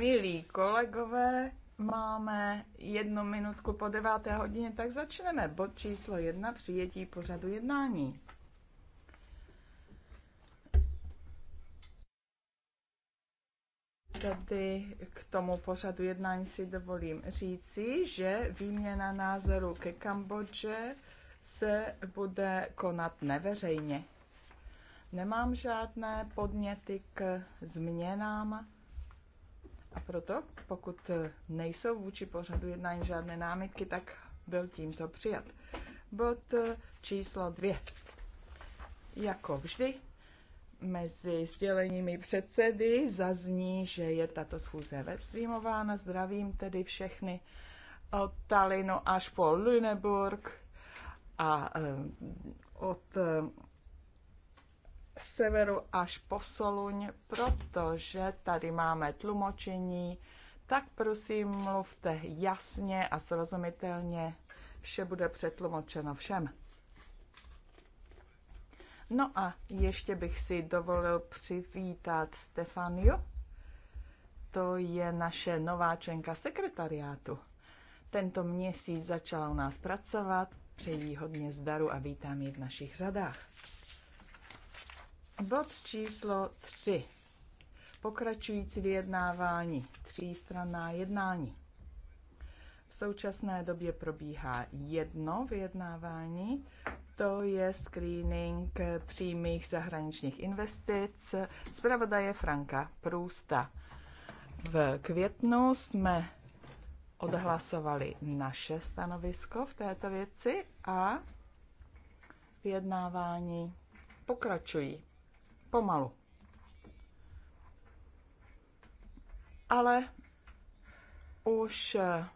Milí kolegové, máme jednu minutku po deváté hodině, tak začneme. Bod číslo jedna, přijetí pořadu jednání. Tady k tomu pořadu jednání si dovolím říci, že výměna názoru ke Kambodže se bude konat neveřejně. Nemám žádné podněty k změnám a proto, pokud nejsou vůči pořadu jednání žádné námitky, tak byl tímto přijat. Bod eh, číslo dvě. Jako vždy, mezi sděleními předsedy zazní, že je tato schůze webstreamována. Zdravím tedy všechny od Talinu až po Lüneburg a eh, od eh, severu až po Soluň, protože tady máme tlumočení, tak prosím mluvte jasně a srozumitelně, vše bude přetlumočeno všem. No a ještě bych si dovolil přivítat Stefaniu. To je naše nováčenka sekretariátu. Tento měsíc začala u nás pracovat, přeji hodně zdaru a vítám ji v našich řadách. Bod číslo 3. Pokračující vyjednávání, třístranná jednání. V současné době probíhá jedno vyjednávání, to je screening přímých zahraničních investic zpravodaje Franka Průsta. V květnu jsme odhlasovali naše stanovisko v této věci a vyjednávání pokračují pomalu. Ale už eh,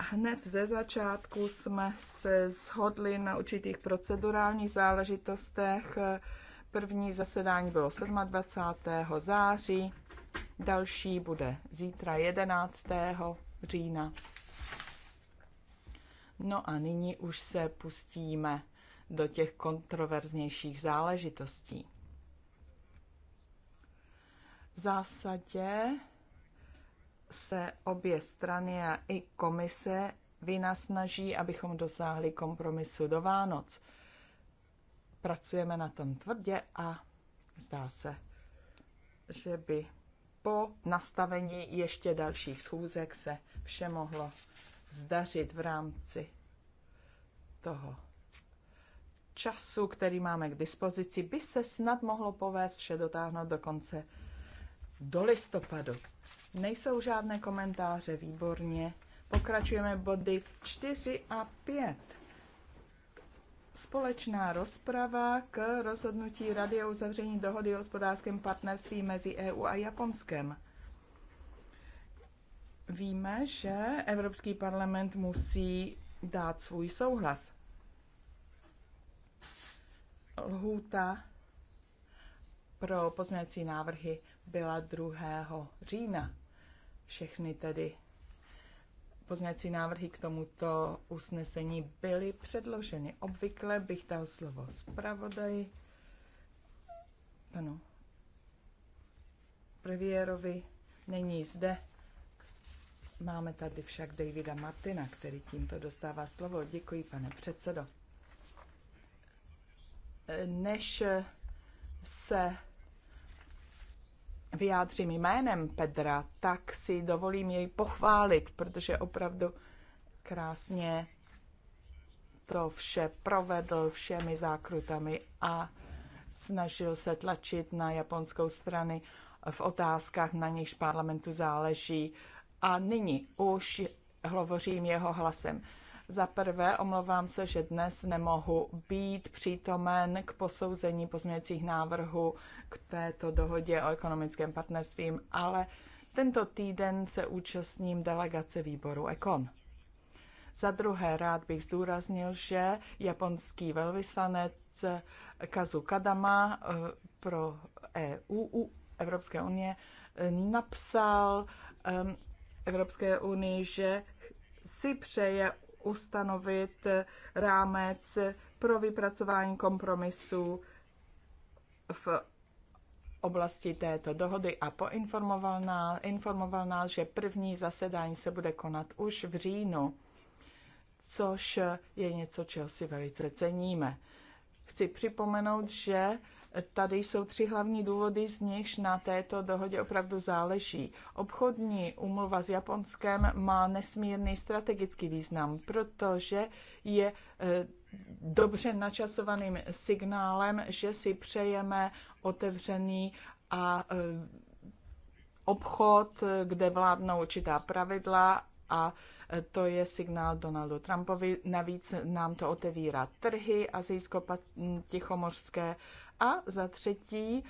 hned ze začátku jsme se shodli na určitých procedurálních záležitostech. První zasedání bylo 27. září, další bude zítra 11. října. No a nyní už se pustíme do těch kontroverznějších záležitostí. V zásadě se obě strany a i komise vynasnaží, abychom dosáhli kompromisu do Vánoc. Pracujeme na tom tvrdě a zdá se, že by po nastavení ještě dalších schůzek se vše mohlo zdařit v rámci toho času, který máme k dispozici, by se snad mohlo povést vše dotáhnout do konce do listopadu. Nejsou žádné komentáře, výborně. Pokračujeme body 4 a 5. Společná rozprava k rozhodnutí Rady o uzavření dohody o hospodářském partnerství mezi EU a Japonskem. Víme, že Evropský parlament musí dát svůj souhlas. Lhůta pro pozměňovací návrhy byla 2. října. Všechny tedy pozměňovací návrhy k tomuto usnesení byly předloženy. Obvykle bych dal slovo zpravodaji panu Previérovi. Není zde. Máme tady však Davida Martina, který tímto dostává slovo. Děkuji, pane předsedo než se vyjádřím jménem Pedra, tak si dovolím jej pochválit, protože opravdu krásně to vše provedl všemi zákrutami a snažil se tlačit na japonskou strany v otázkách, na nichž parlamentu záleží. A nyní už hovořím jeho hlasem. Za prvé, omlouvám se, že dnes nemohu být přítomen k posouzení pozměňujících návrhů k této dohodě o ekonomickém partnerství, ale tento týden se účastním delegace výboru EKON. Za druhé, rád bych zdůraznil, že japonský velvyslanec Kazu Kadama eh, pro EU, Evropské unie, eh, napsal eh, Evropské unii, že si přeje ustanovit rámec pro vypracování kompromisu v oblasti této dohody a poinformoval nás, informoval nás, že první zasedání se bude konat už v říjnu, což je něco, čeho si velice ceníme. Chci připomenout, že Tady jsou tři hlavní důvody, z nichž na této dohodě opravdu záleží. Obchodní umluva s Japonskem má nesmírný strategický význam, protože je eh, dobře načasovaným signálem, že si přejeme otevřený a eh, obchod, kde vládnou určitá pravidla a eh, to je signál Donaldu Trumpovi. Navíc nám to otevírá trhy azijsko-tichomořské a za třetí,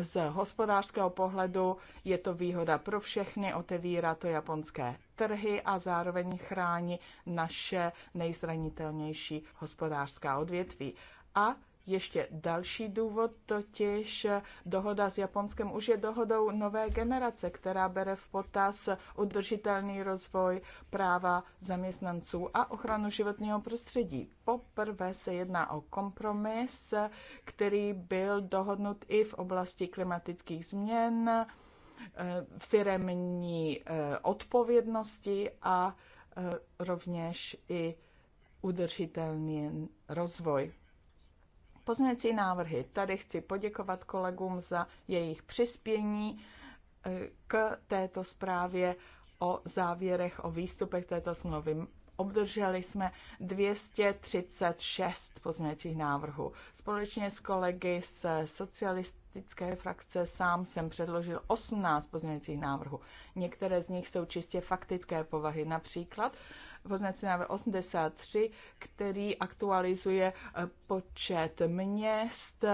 z hospodářského pohledu je to výhoda pro všechny, otevírá to japonské trhy a zároveň chrání naše nejzranitelnější hospodářská odvětví. A ještě další důvod, totiž dohoda s Japonskem už je dohodou nové generace, která bere v potaz udržitelný rozvoj práva zaměstnanců a ochranu životního prostředí. Poprvé se jedná o kompromis, který byl dohodnut i v oblasti klimatických změn, eh, firemní eh, odpovědnosti a eh, rovněž i udržitelný rozvoj. Pozměňující návrhy. Tady chci poděkovat kolegům za jejich přispění eh, k této zprávě o závěrech, o výstupech této smlouvy. Obdrželi jsme 236 pozměňovacích návrhů. Společně s kolegy z socialistické frakce sám jsem předložil 18 pozměňovacích návrhů. Některé z nich jsou čistě faktické povahy, například pozměňovací návrh 83, který aktualizuje eh, počet měst,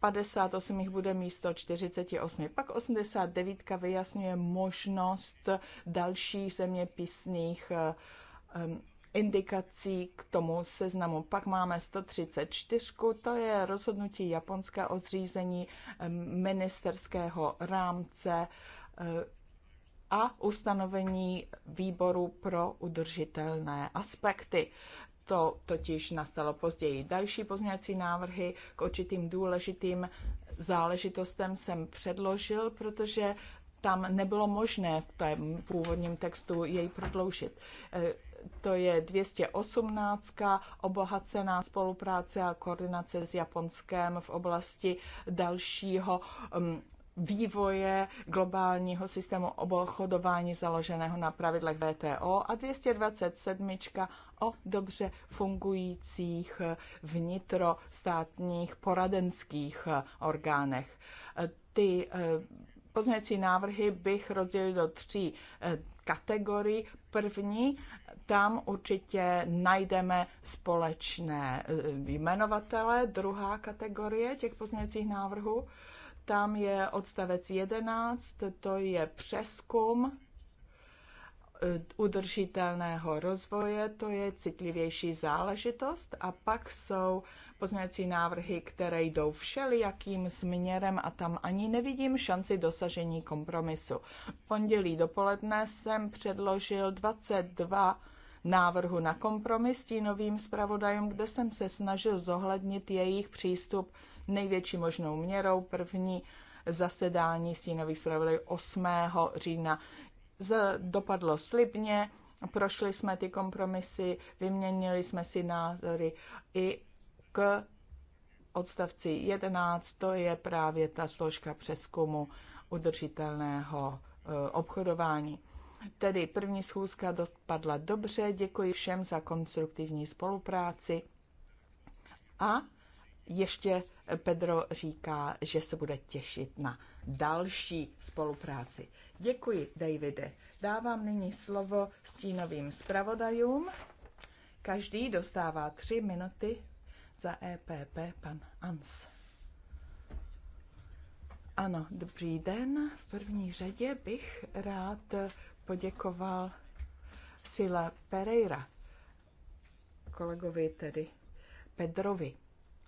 58 jich bude místo 48. Pak 89 vyjasňuje možnost dalších zeměpisných eh, indikací k tomu seznamu. Pak máme 134, to je rozhodnutí Japonska o zřízení ministerského rámce eh, a ustanovení výboru pro udržitelné aspekty. To totiž nastalo později. Další pozměňovací návrhy k určitým důležitým záležitostem jsem předložil, protože tam nebylo možné v tom původním textu jej prodloužit. E, to je 218. obohacená spolupráce a koordinace s Japonskem v oblasti dalšího mm, vývoje globálního systému obchodování založeného na pravidlech VTO a 227 o dobře fungujících vnitrostátních poradenských orgánech. Ty eh, pozměňovací návrhy bych rozdělil do tří eh, kategorií. První, tam určitě najdeme společné eh, jmenovatele. Druhá kategorie těch pozměňovacích návrhů, tam je odstavec 11, to je přeskum e, udržitelného rozvoje, to je citlivější záležitost a pak jsou poznací návrhy, které jdou všelijakým směrem a tam ani nevidím šanci dosažení kompromisu. V pondělí dopoledne jsem předložil 22 návrhu na kompromis novým zpravodajem, kde jsem se snažil zohlednit jejich přístup největší možnou měrou. První zasedání stínových zpravodajů 8. října dopadlo slibně, prošli jsme ty kompromisy, vyměnili jsme si názory i k odstavci 11, to je právě ta složka přeskumu udržitelného eh, obchodování. Tedy první schůzka dopadla dobře, děkuji všem za konstruktivní spolupráci a ještě Pedro říká, že se bude těšit na další spolupráci. Děkuji, Davide. Dávám nyní slovo stínovým zpravodajům. Každý dostává tři minuty za EPP pan Ans. Ano, dobrý den. V první řadě bych rád poděkoval Sila Pereira, kolegovi tedy Pedrovi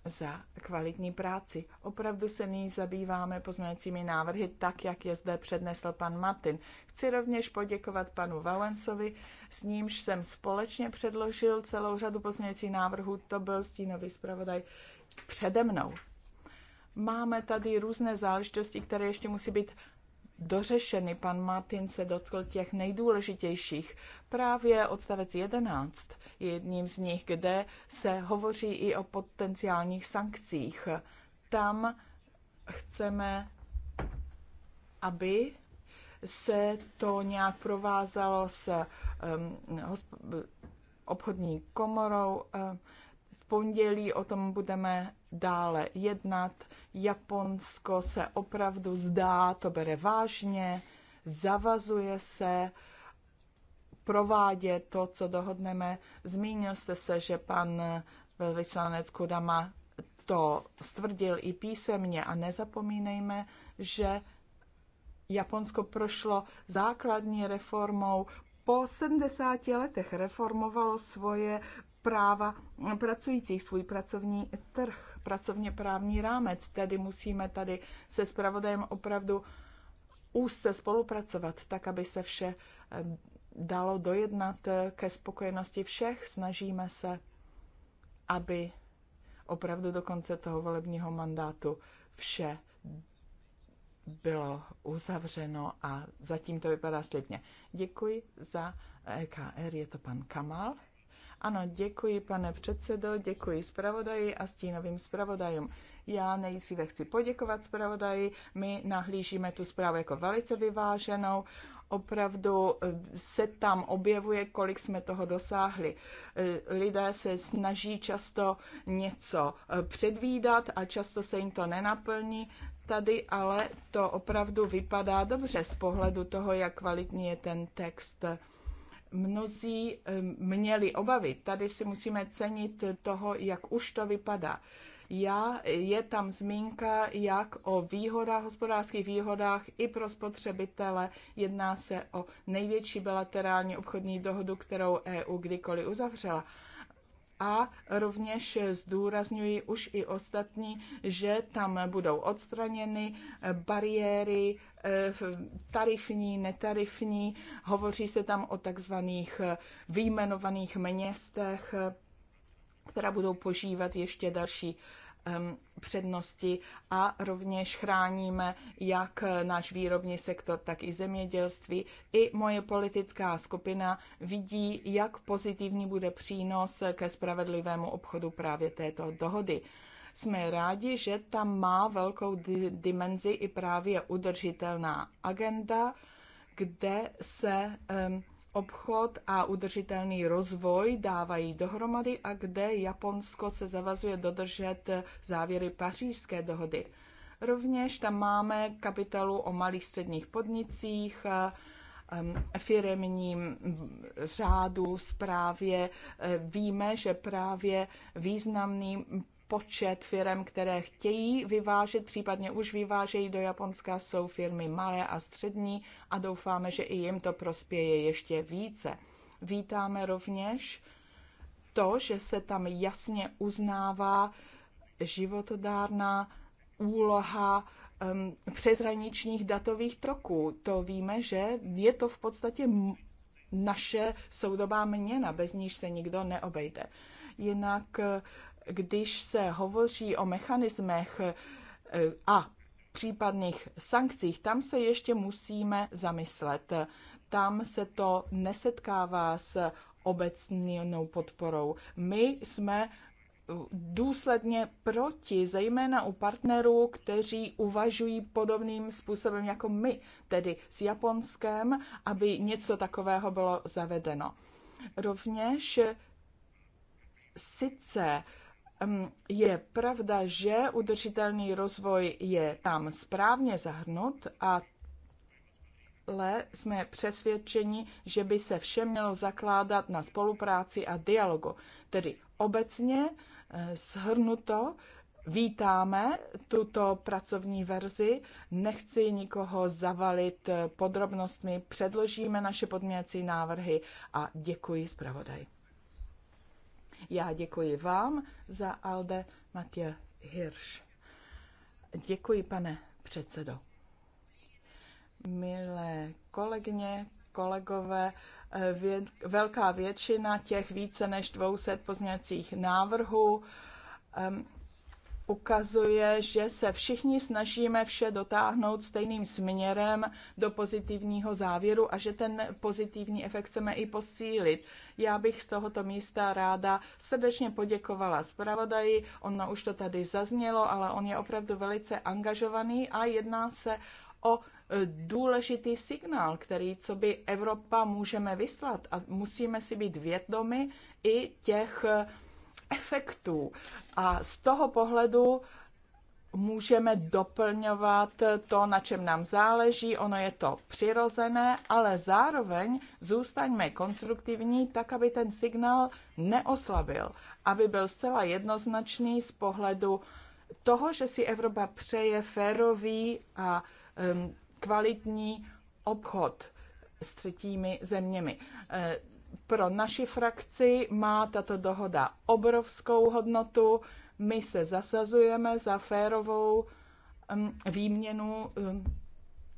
za kvalitní práci. Opravdu se nyní zabýváme poznajícími návrhy tak, jak je zde přednesl pan Martin. Chci rovněž poděkovat panu Valencovi, s nímž jsem společně předložil celou řadu poznajících návrhů. To byl stínový zpravodaj přede mnou. Máme tady různé záležitosti, které ještě musí být dořešeny. Pan Martin se dotkl těch nejdůležitějších. Právě odstavec 11 je jedním z nich, kde se hovoří i o potenciálních sankcích. Tam chceme, aby se to nějak provázalo s um, obchodní komorou. Um, pondělí o tom budeme dále jednat. Japonsko se opravdu zdá, to bere vážně, zavazuje se provádět to, co dohodneme. Zmínil jste se, že pan velvyslanec Kudama to stvrdil i písemně a nezapomínejme, že Japonsko prošlo základní reformou po 70 letech reformovalo svoje práva pracujících, svůj pracovní trh, pracovně právní rámec. Tedy musíme tady se spravodajem opravdu úzce spolupracovat, tak aby se vše eh, dalo dojednat eh, ke spokojenosti všech. Snažíme se, aby opravdu do konce toho volebního mandátu vše bylo uzavřeno a zatím to vypadá slibně. Děkuji za EKR, eh, je to pan Kamal. Ano, děkuji pane předsedo, děkuji zpravodaji a stínovým zpravodajům. Já nejdříve chci poděkovat zpravodaji. My nahlížíme tu zprávu jako velice vyváženou. Opravdu eh, se tam objevuje, kolik jsme toho dosáhli. Eh, lidé se snaží často něco eh, předvídat a často se jim to nenaplní. Tady ale to opravdu vypadá dobře z pohledu toho, jak kvalitní je ten text mnozí měli obavy. Tady si musíme cenit toho, jak už to vypadá. Já, je tam zmínka jak o výhodách, hospodářských výhodách i pro spotřebitele. Jedná se o největší bilaterální obchodní dohodu, kterou EU kdykoliv uzavřela a rovněž zdůrazňuji už i ostatní, že tam budou odstraněny bariéry eh, tarifní, netarifní. Hovoří se tam o takzvaných výjmenovaných městech, eh, která budou požívat ještě další přednosti a rovněž chráníme jak náš výrobní sektor, tak i zemědělství. I moje politická skupina vidí, jak pozitivní bude přínos ke spravedlivému obchodu právě této dohody. Jsme rádi, že tam má velkou dimenzi i právě udržitelná agenda, kde se um, obchod a udržitelný rozvoj dávají dohromady a kde Japonsko se zavazuje dodržet závěry pařížské dohody. Rovněž tam máme kapitolu o malých středních podnicích, firemním řádu, zprávě. E, víme, že právě významným počet firm, které chtějí vyvážet, případně už vyvážejí do Japonska, jsou firmy malé a střední a doufáme, že i jim to prospěje ještě více. Vítáme rovněž to, že se tam jasně uznává životodárná úloha um, přeshraničních datových toků. To víme, že je to v podstatě naše soudobá měna, bez níž se nikdo neobejde. Jinak když se hovoří o mechanismech eh, a případných sankcích, tam se ještě musíme zamyslet. Tam se to nesetkává s obecnou podporou. My jsme důsledně proti, zejména u partnerů, kteří uvažují podobným způsobem jako my, tedy s Japonskem, aby něco takového bylo zavedeno. Rovněž sice je pravda, že udržitelný rozvoj je tam správně zahrnut a ale jsme přesvědčeni, že by se vše mělo zakládat na spolupráci a dialogu. Tedy obecně eh, shrnuto vítáme tuto pracovní verzi. Nechci nikoho zavalit eh, podrobnostmi, předložíme naše podměcí návrhy a děkuji zpravodaj. Já děkuji vám za Alde Matěj Hirsch. Děkuji, pane předsedo. Milé kolegyně, kolegové, vě, velká většina těch více než 200 pozměňovacích návrhů um, ukazuje, že se všichni snažíme vše dotáhnout stejným směrem do pozitivního závěru a že ten pozitivní efekt chceme i posílit. Já bych z tohoto místa ráda srdečně poděkovala zpravodaji. Ono už to tady zaznělo, ale on je opravdu velice angažovaný a jedná se o e, důležitý signál, který co by Evropa můžeme vyslat a musíme si být vědomi i těch e, efektů. A z toho pohledu můžeme doplňovat to, na čem nám záleží, ono je to přirozené, ale zároveň zůstaňme konstruktivní, tak aby ten signál neoslabil, aby byl zcela jednoznačný z pohledu toho, že si Evropa přeje férový a um, kvalitní obchod s třetími zeměmi pro naši frakci má tato dohoda obrovskou hodnotu. My se zasazujeme za férovou um, výměnu um,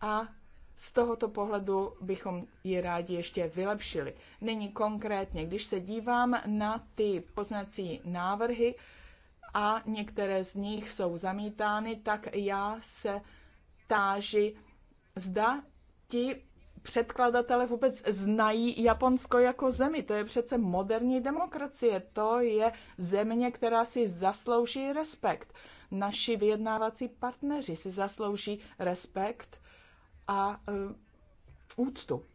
a z tohoto pohledu bychom ji rádi ještě vylepšili. Nyní konkrétně, když se dívám na ty poznací návrhy a některé z nich jsou zamítány, tak já se táži, zda ti předkladatele vůbec znají Japonsko jako zemi. To je přece moderní demokracie. To je země, která si zaslouží respekt. Naši vyjednávací partneři si zaslouží respekt a uh, úctu.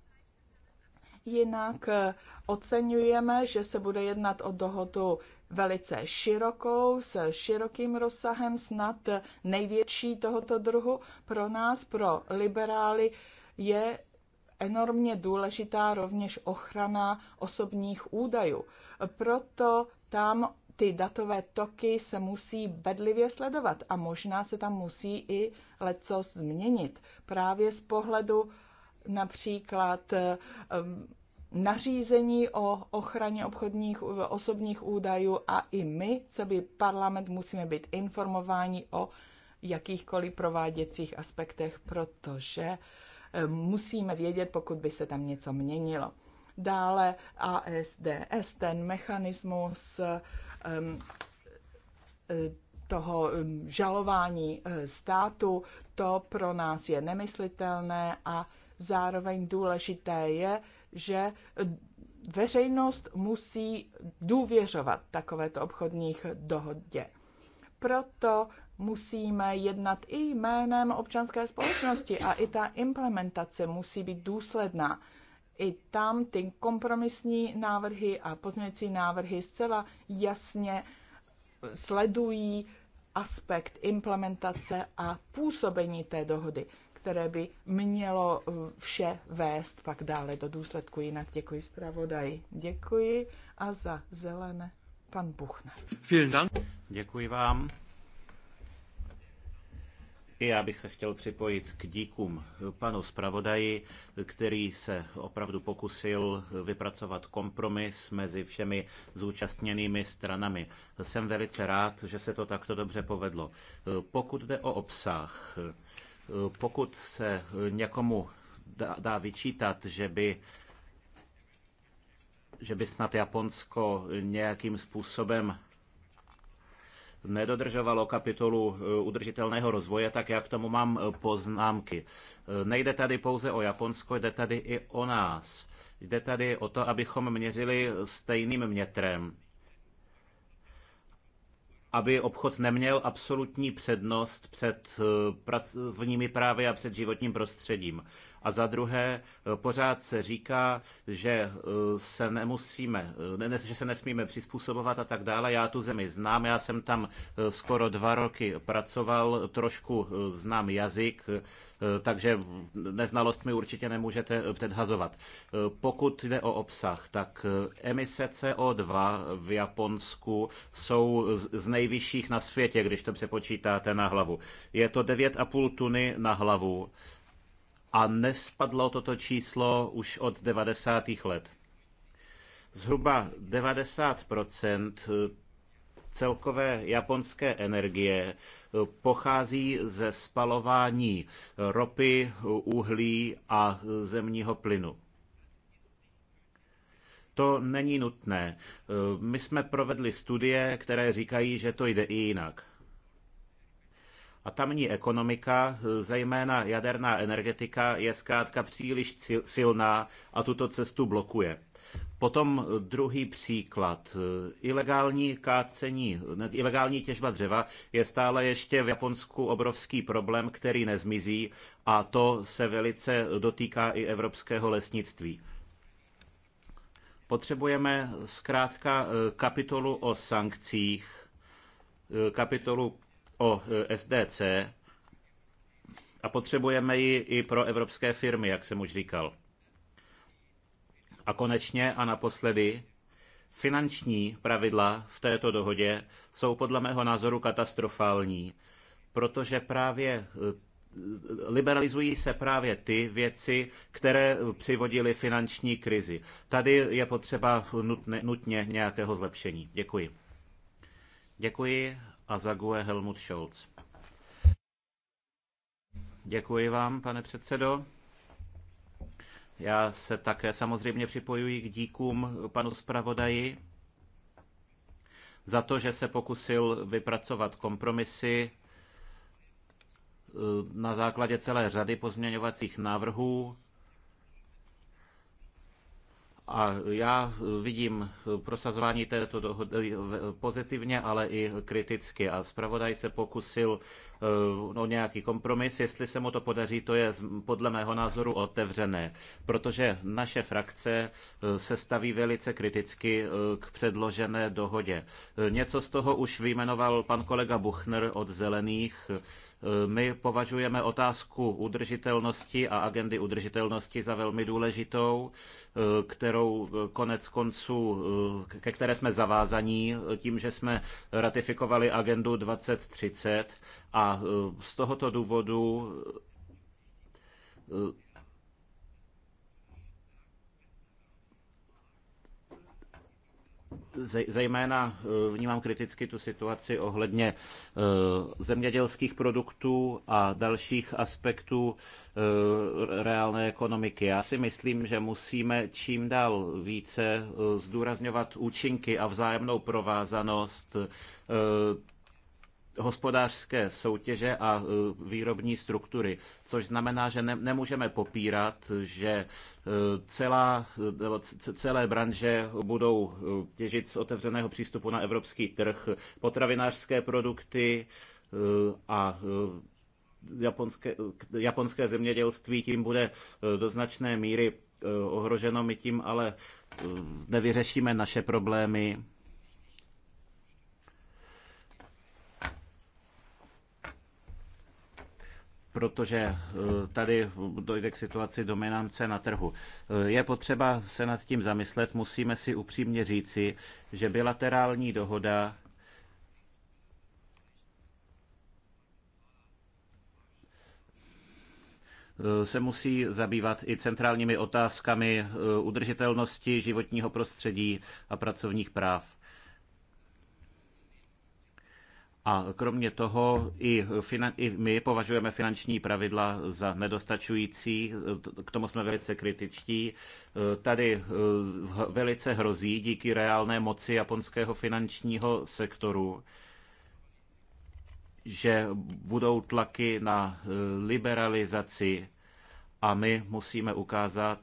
Jinak eh, oceňujeme, že se bude jednat o dohodu velice širokou, s širokým rozsahem, snad největší tohoto druhu. Pro nás, pro liberály, je enormně důležitá rovněž ochrana osobních údajů. Proto tam ty datové toky se musí bedlivě sledovat a možná se tam musí i leco změnit. Právě z pohledu například ehm, nařízení o ochraně obchodních osobních údajů a i my, co by parlament, musíme být informováni o jakýchkoliv prováděcích aspektech, protože musíme vědět, pokud by se tam něco měnilo. Dále ASDS, ten mechanismus um, toho um, žalování uh, státu, to pro nás je nemyslitelné a zároveň důležité je, že uh, veřejnost musí důvěřovat takovéto obchodních dohodě. Proto musíme jednat i jménem občanské společnosti a i ta implementace musí být důsledná. I tam ty kompromisní návrhy a pozměnící návrhy zcela jasně sledují aspekt implementace a působení té dohody, které by mělo eh, vše vést pak dále do důsledku. Jinak děkuji zpravodaji. Děkuji a za zelené pan Buchner. Vielen Dank. Děkuji vám. I já bych se chtěl připojit k díkům panu zpravodaji, který se opravdu pokusil vypracovat kompromis mezi všemi zúčastněnými stranami. Jsem velice rád, že se to takto dobře povedlo. Pokud jde o obsah, pokud se někomu dá, dá vyčítat, že by že by snad Japonsko nějakým způsobem nedodržovalo kapitolu eh, udržitelného rozvoje, tak jak tomu mám eh, poznámky. Eh, nejde tady pouze o Japonsko, jde tady i o nás. Jde tady o to, abychom měřili stejným metrem. aby obchod neměl absolutní přednost před pracovními právy a před životním prostředím. A za druhé, eh, pořád se říká, že eh, se nemusíme, eh, ne, že se nesmíme přizpůsobovat a tak dále. Já tu zemi znám, já jsem tam skoro dva roky pracoval, trošku znám jazyk, takže neznalost mi určitě nemůžete předhazovat. Pokud jde o obsah, tak emise CO2 v Japonsku jsou z nejvyšších na světě, když to přepočítáte na hlavu. Je to 9,5 tuny na hlavu a nespadlo toto číslo už od 90. let. Zhruba 90 celkové japonské energie pochází ze spalování ropy, uhlí a zemního plynu. To není nutné. My jsme provedli studie, které říkají, že to jde i jinak. A tamní ekonomika, zejména jaderná energetika, je zkrátka příliš silná a tuto cestu blokuje. Potom druhý příklad. Ilegální kácení, ilegální těžba dřeva je stále ještě v Japonsku obrovský problém, který nezmizí a to se velice dotýká i evropského lesnictví. Potřebujeme zkrátka eh, kapitolu o sankcích, eh, kapitolu o e, SDC a potřebujeme ji i pro evropské firmy, jak jsem už říkal. A konečně a naposledy, finanční pravidla v této dohodě jsou podle mého názoru katastrofální, protože právě e, liberalizují se právě ty věci, které přivodily finanční krizi. Tady je potřeba nutne, nutně nějakého zlepšení. Děkuji. Děkuji a Zague Helmut Scholz. Děkuji vám, pane předsedo. Já se také samozřejmě připojuji k díkům panu zpravodaji za to, že se pokusil vypracovat kompromisy eh, na základě celé řady pozměňovacích návrhů a já vidím prosazování této dohody pozitivně, ale i kriticky. A zpravodaj se pokusil eh, o nějaký kompromis. Jestli se mu to podaří, to je podle mého názoru otevřené, protože naše frakce eh, se staví velice kriticky eh, k předložené dohodě. Něco z toho už vyjmenoval pan kolega Buchner od Zelených my považujeme otázku udržitelnosti a agendy udržitelnosti za velmi důležitou, eh, kterou eh, konec konců, eh, ke které jsme zavázaní tím, že jsme ratifikovali agendu 2030 a z tohoto důvodu zejména eh, vnímám kriticky tu situaci ohledně eh, zemědělských produktů a dalších aspektů eh, reálné ekonomiky. Já si myslím, že musíme čím dál více zdůrazňovat účinky a vzájemnou provázanost hospodářské soutěže a e, výrobní struktury, což znamená, že ne, nemůžeme popírat, že e, celá, celé branže budou e, těžit z otevřeného přístupu na evropský trh potravinářské produkty a japonské, japonské zemědělství tím bude do značné míry ohroženo. My tím ale nevyřešíme naše problémy protože eh, tady dojde k situaci dominance na trhu. Eh, je potřeba se nad tím zamyslet, musíme si upřímně říci, že bilaterální dohoda eh, se musí zabývat i centrálními otázkami udržitelnosti životního prostředí a pracovních práv. A kromě toho i, finan- i my považujeme finanční pravidla za nedostačující, k tomu jsme velice kritičtí. Tady eh, velice hrozí díky reálné moci japonského finančního sektoru, že budou tlaky na eh, liberalizaci a my musíme ukázat,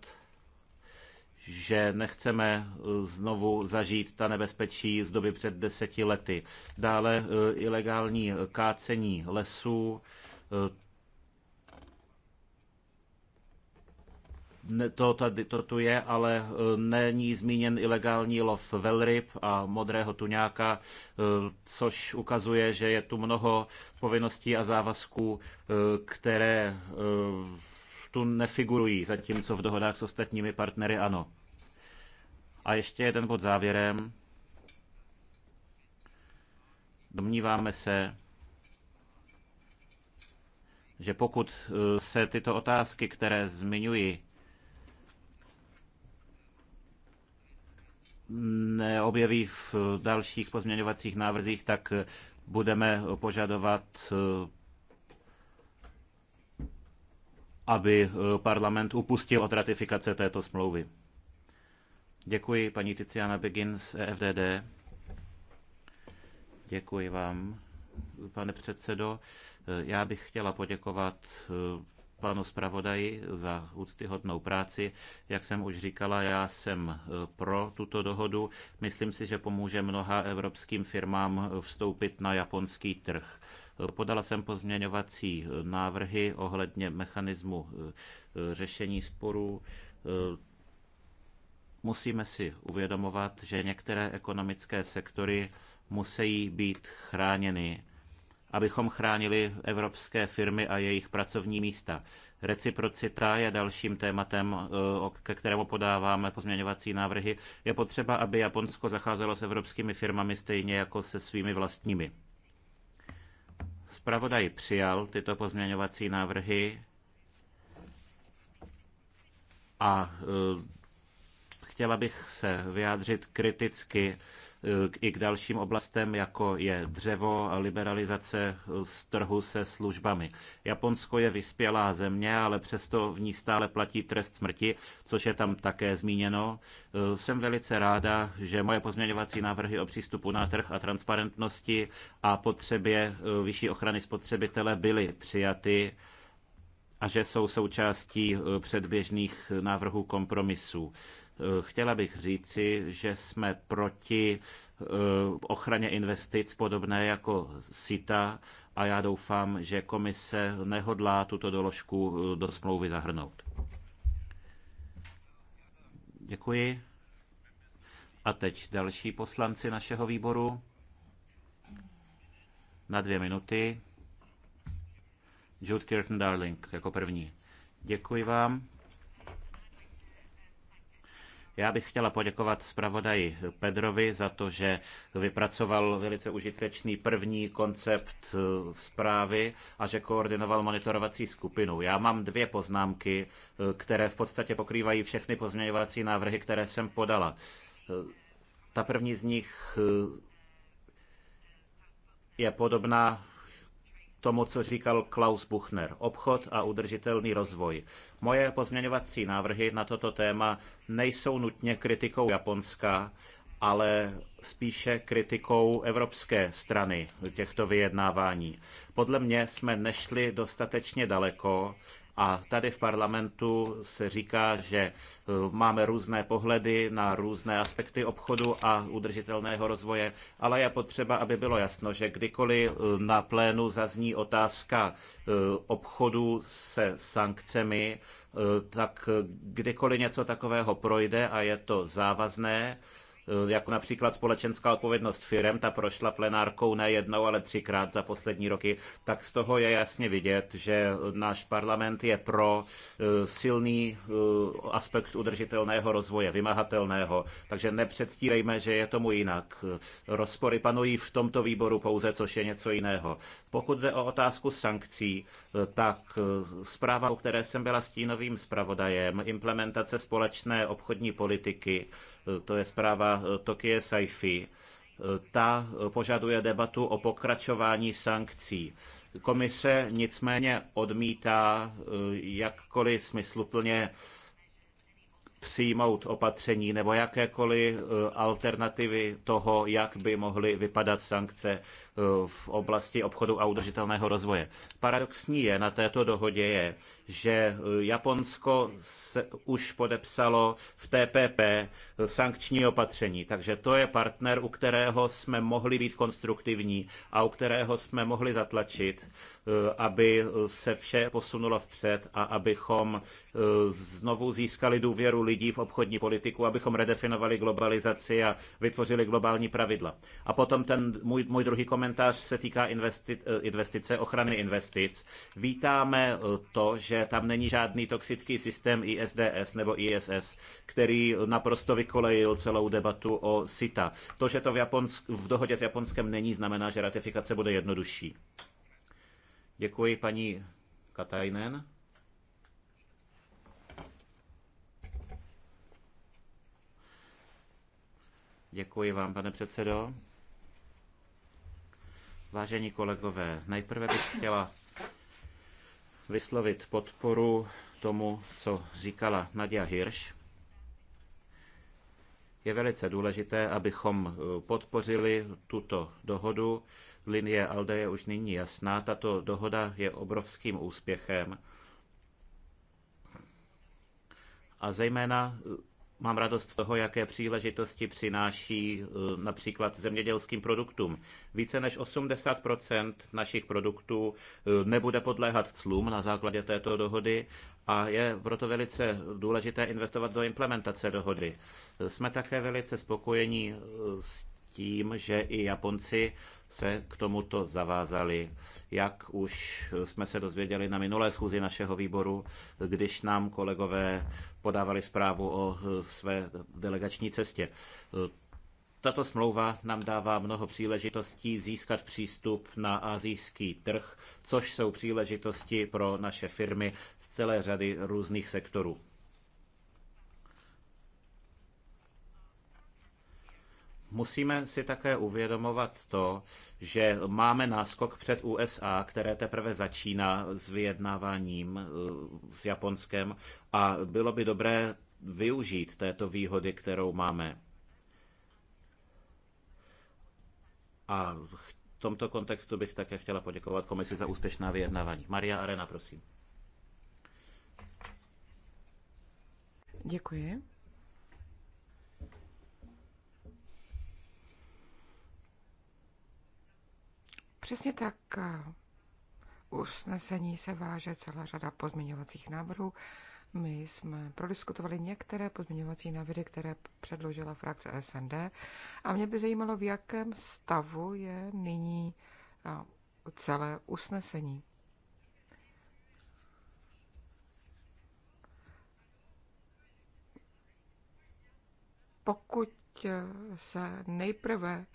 že nechceme eh, znovu zažít ta nebezpečí z doby před deseti lety. Dále eh, ilegální kácení lesů, eh, to, tady, to tu je, ale není zmíněn ilegální lov velryb a modrého tuňáka, což ukazuje, že je tu mnoho povinností a závazků, které tu nefigurují, zatímco v dohodách s ostatními partnery ano. A ještě jeden pod závěrem. Domníváme se, že pokud eh, se tyto otázky, které zmiňuji, neobjeví v dalších pozměňovacích návrzích, tak budeme požadovat eh, aby eh, parlament upustil od ratifikace této smlouvy. Děkuji paní Tiziana Begin z EFDD. Děkuji vám, pane předsedo. Eh, já bych chtěla poděkovat eh, panu zpravodaji za úctyhodnou práci. Jak jsem už říkala, já jsem pro tuto dohodu. Myslím si, že pomůže mnoha evropským firmám vstoupit na japonský trh Podala jsem pozměňovací eh, návrhy ohledně mechanismu eh, eh, řešení sporů. Musíme si uvědomovat, že některé ekonomické sektory musí být chráněny, abychom chránili evropské firmy a jejich pracovní místa. Reciprocita je dalším tématem, ke kterému podáváme pozměňovací návrhy. Je potřeba, aby Japonsko zacházelo s evropskými firmami stejně jako se svými vlastními. Spravodaj přijal tyto pozměňovací návrhy a e, chtěla bych se vyjádřit kriticky i k dalším oblastem, jako je dřevo a liberalizace z trhu se službami. Japonsko je vyspělá země, ale přesto v ní stále platí trest smrti, což je tam také zmíněno. Eh, jsem velice ráda, že moje pozměňovací návrhy o přístupu na trh a transparentnosti a potřebě eh, vyšší ochrany spotřebitele byly přijaty a že jsou součástí eh, předběžných návrhů kompromisů. Eh, chtěla bych říci, že jsme proti eh, ochraně investic podobné jako SITA a já doufám, že komise nehodlá tuto doložku eh, do smlouvy zahrnout. Děkuji. A teď další poslanci našeho výboru na dvě minuty. Jude Curtin Darling jako první. Děkuji vám. Já bych chtěla poděkovat zpravodaji Pedrovi za to, že vypracoval velice užitečný první koncept eh, zprávy a že koordinoval monitorovací skupinu. Já mám dvě poznámky, eh, které v podstatě pokrývají všechny pozměňovací návrhy, které jsem podala. Eh, ta první z nich je podobná tomu, co říkal Klaus Buchner, obchod a udržitelný rozvoj. Moje pozměňovací návrhy na toto téma nejsou nutně kritikou Japonska, ale spíše kritikou evropské strany těchto vyjednávání. Podle mě jsme nešli dostatečně daleko a tady v parlamentu se říká, že eh, máme různé pohledy na různé aspekty obchodu a udržitelného rozvoje, ale je potřeba, aby bylo jasno, že kdykoliv eh, na plénu zazní otázka eh, obchodu se sankcemi, tak kdykoliv něco takového projde a je to závazné, Eh, jako například společenská odpovědnost firem, ta prošla plenárkou ne jednou, ale třikrát za poslední roky, tak z toho je jasně vidět, že náš parlament je pro eh, silný eh, aspekt udržitelného rozvoje, vymahatelného. Takže nepředstírejme, že je tomu jinak. Rozpory panují v tomto výboru pouze, což je něco jiného. Pokud jde o otázku sankcí, tak zpráva, o které jsem byla stínovým zpravodajem, implementace společné obchodní politiky, to je zpráva eh, Tokie Saifi. Eh, Ta požaduje debatu o pokračování sankcí. Komise nicméně odmítá eh, jakkoliv smysluplně přijmout opatření nebo jakékoliv alternativy toho, jak by mohly vypadat sankce v oblasti obchodu a udržitelného rozvoje. Paradoxní je na této dohodě je, že Japonsko se už podepsalo v TPP sankční opatření, takže to je partner, u kterého jsme mohli být konstruktivní a u kterého jsme mohli zatlačit, eh, aby se vše posunulo vpřed a abychom eh, znovu získali důvěru lidí v obchodní politiku, abychom redefinovali globalizaci a vytvořili globální pravidla. A potom ten můj, můj druhý komentář komentář se týká investi- eh, investice, ochrany investic. Vítáme eh, to, že tam není žádný toxický systém ISDS nebo ISS, který naprosto vykolejil celou debatu o SITA. To, že to v, Japonsk- v dohodě s Japonskem není, znamená, že ratifikace bude jednodušší. Děkuji paní Katajnen. Děkuji vám, pane předsedo. Vážení kolegové, nejprve bych chtěla vyslovit podporu tomu, co říkala Nadia Hirsch. Je velice důležité, abychom e, podpořili tuto dohodu. Linie ALDE je už nyní jasná. Tato dohoda je obrovským úspěchem. A zejména e, Mám radost z toho, jaké příležitosti přináší e, například zemědělským produktům. Více než 80 našich produktů e, nebude podléhat clům na základě této dohody a je proto velice důležité investovat do implementace dohody. E, jsme také velice spokojení s tím, že i Japonci se k tomuto zavázali, jak už jsme se dozvěděli na minulé schůzi našeho výboru, když nám kolegové podávali zprávu o své delegační cestě. Tato smlouva nám dává mnoho příležitostí získat přístup na azijský trh, což jsou příležitosti pro naše firmy z celé řady různých sektorů. Musíme si také uvědomovat to, že máme náskok před USA, které teprve začíná s vyjednáváním eh, s Japonskem a bylo by dobré využít této výhody, kterou máme. A v tomto kontextu bych také chtěla poděkovat komisi za úspěšná vyjednávání. Maria Arena, prosím. Děkuji. Přesně tak eh, usnesení se váže celá řada pozměňovacích návrhů. My jsme prodiskutovali některé pozměňovací návrhy, které předložila frakce SND a mě by zajímalo, v jakém stavu je nyní eh, celé usnesení. Pokud eh, se nejprve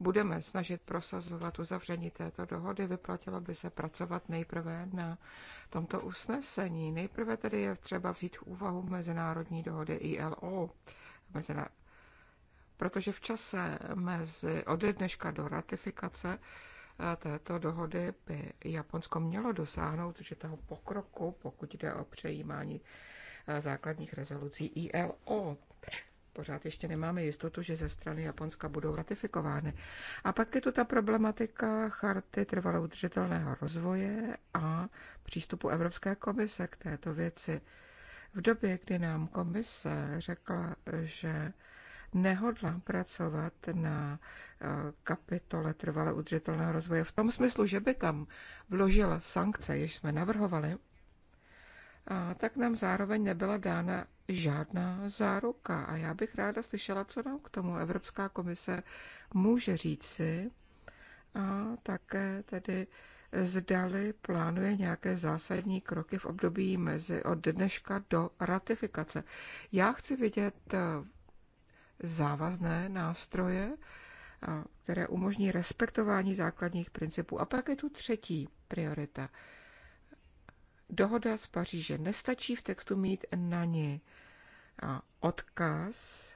budeme snažit prosazovat uzavření této dohody, vyplatilo by se pracovat nejprve na tomto usnesení. Nejprve tedy je třeba vzít v úvahu mezinárodní dohody ILO, protože v čase mezi ode dneška do ratifikace eh, této dohody by Japonsko mělo dosáhnout určitého pokroku, pokud jde o přejímání eh, základních rezolucí ILO pořád ještě nemáme jistotu, že ze strany Japonska budou ratifikovány. A pak je tu ta problematika charty trvalo udržitelného rozvoje a přístupu Evropské komise k této věci. V době, kdy nám komise řekla, že nehodla pracovat na eh, kapitole trvalé udržitelného rozvoje v tom smyslu, že by tam vložila sankce, jež jsme navrhovali, tak nám zároveň nebyla dána žádná záruka. A já bych ráda slyšela, co nám k tomu Evropská komise může říci a také tedy zdali plánuje nějaké zásadní kroky v období mezi od dneška do ratifikace. Já chci vidět eh, závazné nástroje, eh, které umožní respektování základních principů. A pak je tu třetí priorita – Dohoda z Paříže nestačí v textu mít na ní odkaz.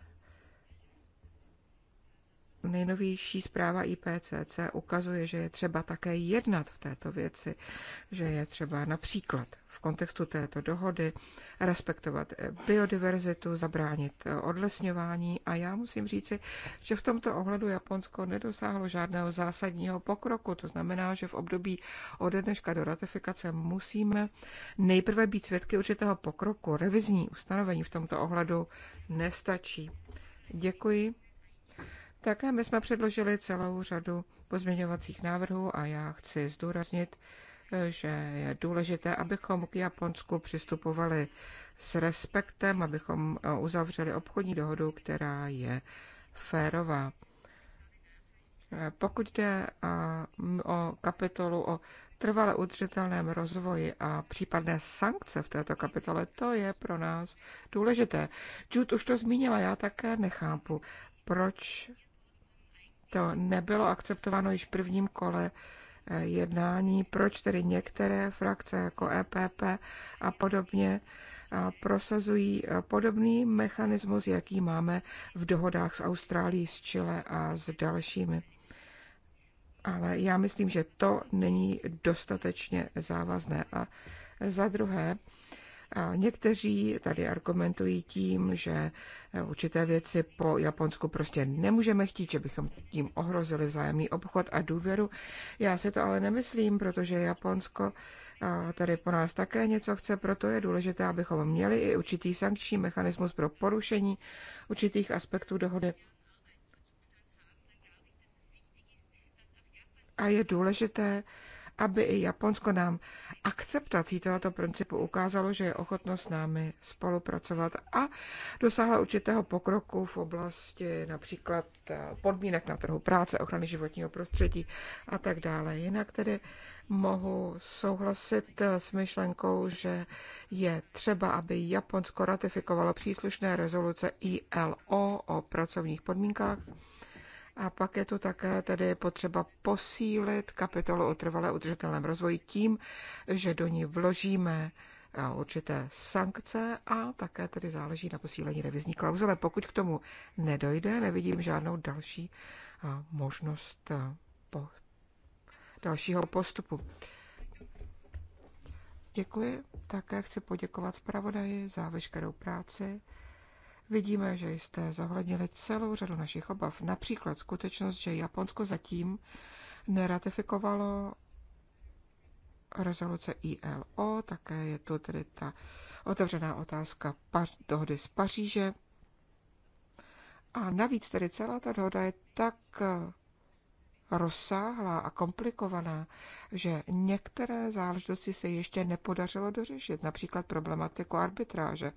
Nejnovější zpráva IPCC ukazuje, že je třeba také jednat v této věci, že je třeba například kontextu této dohody respektovat biodiverzitu, zabránit odlesňování a já musím říci, že v tomto ohledu Japonsko nedosáhlo žádného zásadního pokroku. To znamená, že v období ode dneška do ratifikace musíme nejprve být svědky určitého pokroku. Revizní ustanovení v tomto ohledu nestačí. Děkuji. Také my jsme předložili celou řadu pozměňovacích návrhů a já chci zdůraznit, že je důležité, abychom k Japonsku přistupovali s respektem, abychom e, uzavřeli obchodní dohodu, která je férová. E, pokud jde o kapitolu o trvale udržitelném rozvoji a případné sankce v této kapitole, to je pro nás důležité. Jude už to zmínila, já také nechápu, proč to nebylo akceptováno již v prvním kole jednání, proč tedy některé frakce jako EPP a podobně prosazují podobný mechanismus, jaký máme v dohodách s Austrálií, s Chile a s dalšími. Ale já myslím, že to není dostatečně závazné. A za druhé, a někteří tady argumentují tím, že eh, určité věci po Japonsku prostě nemůžeme chtít, že bychom tím ohrozili vzájemný obchod a důvěru. Já si to ale nemyslím, protože Japonsko tady po nás také něco chce, proto je důležité, abychom měli i určitý sankční mechanismus pro porušení určitých aspektů dohody. A je důležité, aby i Japonsko nám akceptací tohoto principu ukázalo, že je ochotno s námi spolupracovat a dosáhla určitého pokroku v oblasti například eh, podmínek na trhu práce, ochrany životního prostředí a tak dále. Jinak tedy mohu souhlasit eh, s myšlenkou, že je třeba, aby Japonsko ratifikovalo příslušné rezoluce ILO o pracovních podmínkách a pak je tu také tedy potřeba posílit kapitolu o trvalé udržitelném rozvoji tím, že do ní vložíme eh, určité sankce a také tedy záleží na posílení revizní klauzule. Pokud k tomu nedojde, nevidím žádnou další eh, možnost eh, po dalšího postupu. Děkuji. Také chci poděkovat zpravodaji za veškerou práci. Vidíme, že jste zohlednili celou řadu našich obav, například skutečnost, že Japonsko zatím neratifikovalo rezoluce ILO, také je tu tedy ta otevřená otázka dohody z Paříže. A navíc tedy celá ta dohoda je tak eh, rozsáhlá a komplikovaná, že některé záležitosti se ještě nepodařilo dořešit, například problematiku arbitráže.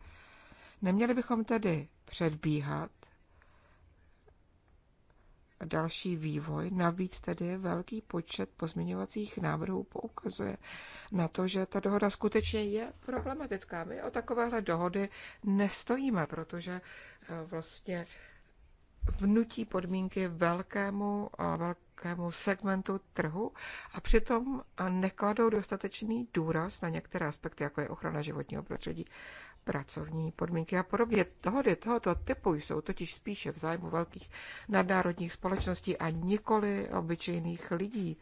Neměli bychom tedy předbíhat další vývoj. Navíc tedy velký počet pozměňovacích návrhů poukazuje na to, že ta dohoda skutečně je problematická. My o takovéhle dohody nestojíme, protože eh, vlastně vnutí podmínky velkému, eh, velkému segmentu trhu a přitom eh, nekladou dostatečný důraz na některé aspekty, jako je ochrana životního prostředí pracovní podmínky a podobně. Dohody tohoto typu jsou totiž spíše v zájmu velkých nadnárodních společností a nikoli obyčejných lidí.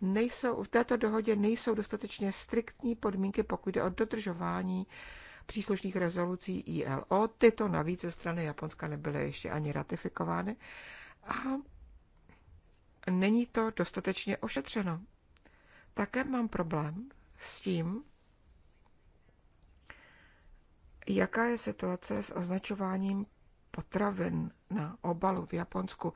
Nejsou, v této dohodě nejsou dostatečně striktní podmínky, pokud jde o dodržování příslušných rezolucí ILO. Tyto navíc ze strany Japonska nebyly ještě ani ratifikovány a není to dostatečně ošetřeno. Také mám problém s tím, Jaká je situace s označováním potravin na obalu v Japonsku?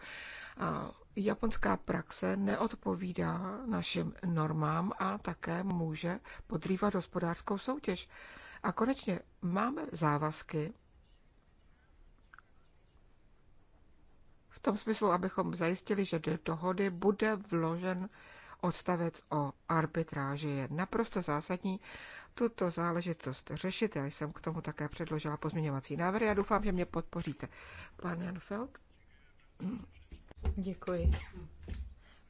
Japonská praxe neodpovídá našim normám a také může podrývat hospodářskou soutěž. A konečně máme závazky v tom smyslu, abychom zajistili, že do dohody bude vložen odstavec o arbitráži. Je naprosto zásadní, tuto záležitost řešit. Já jsem k tomu také předložila pozměňovací návrhy Já doufám, že mě podpoříte. Pan Janfeld? Děkuji.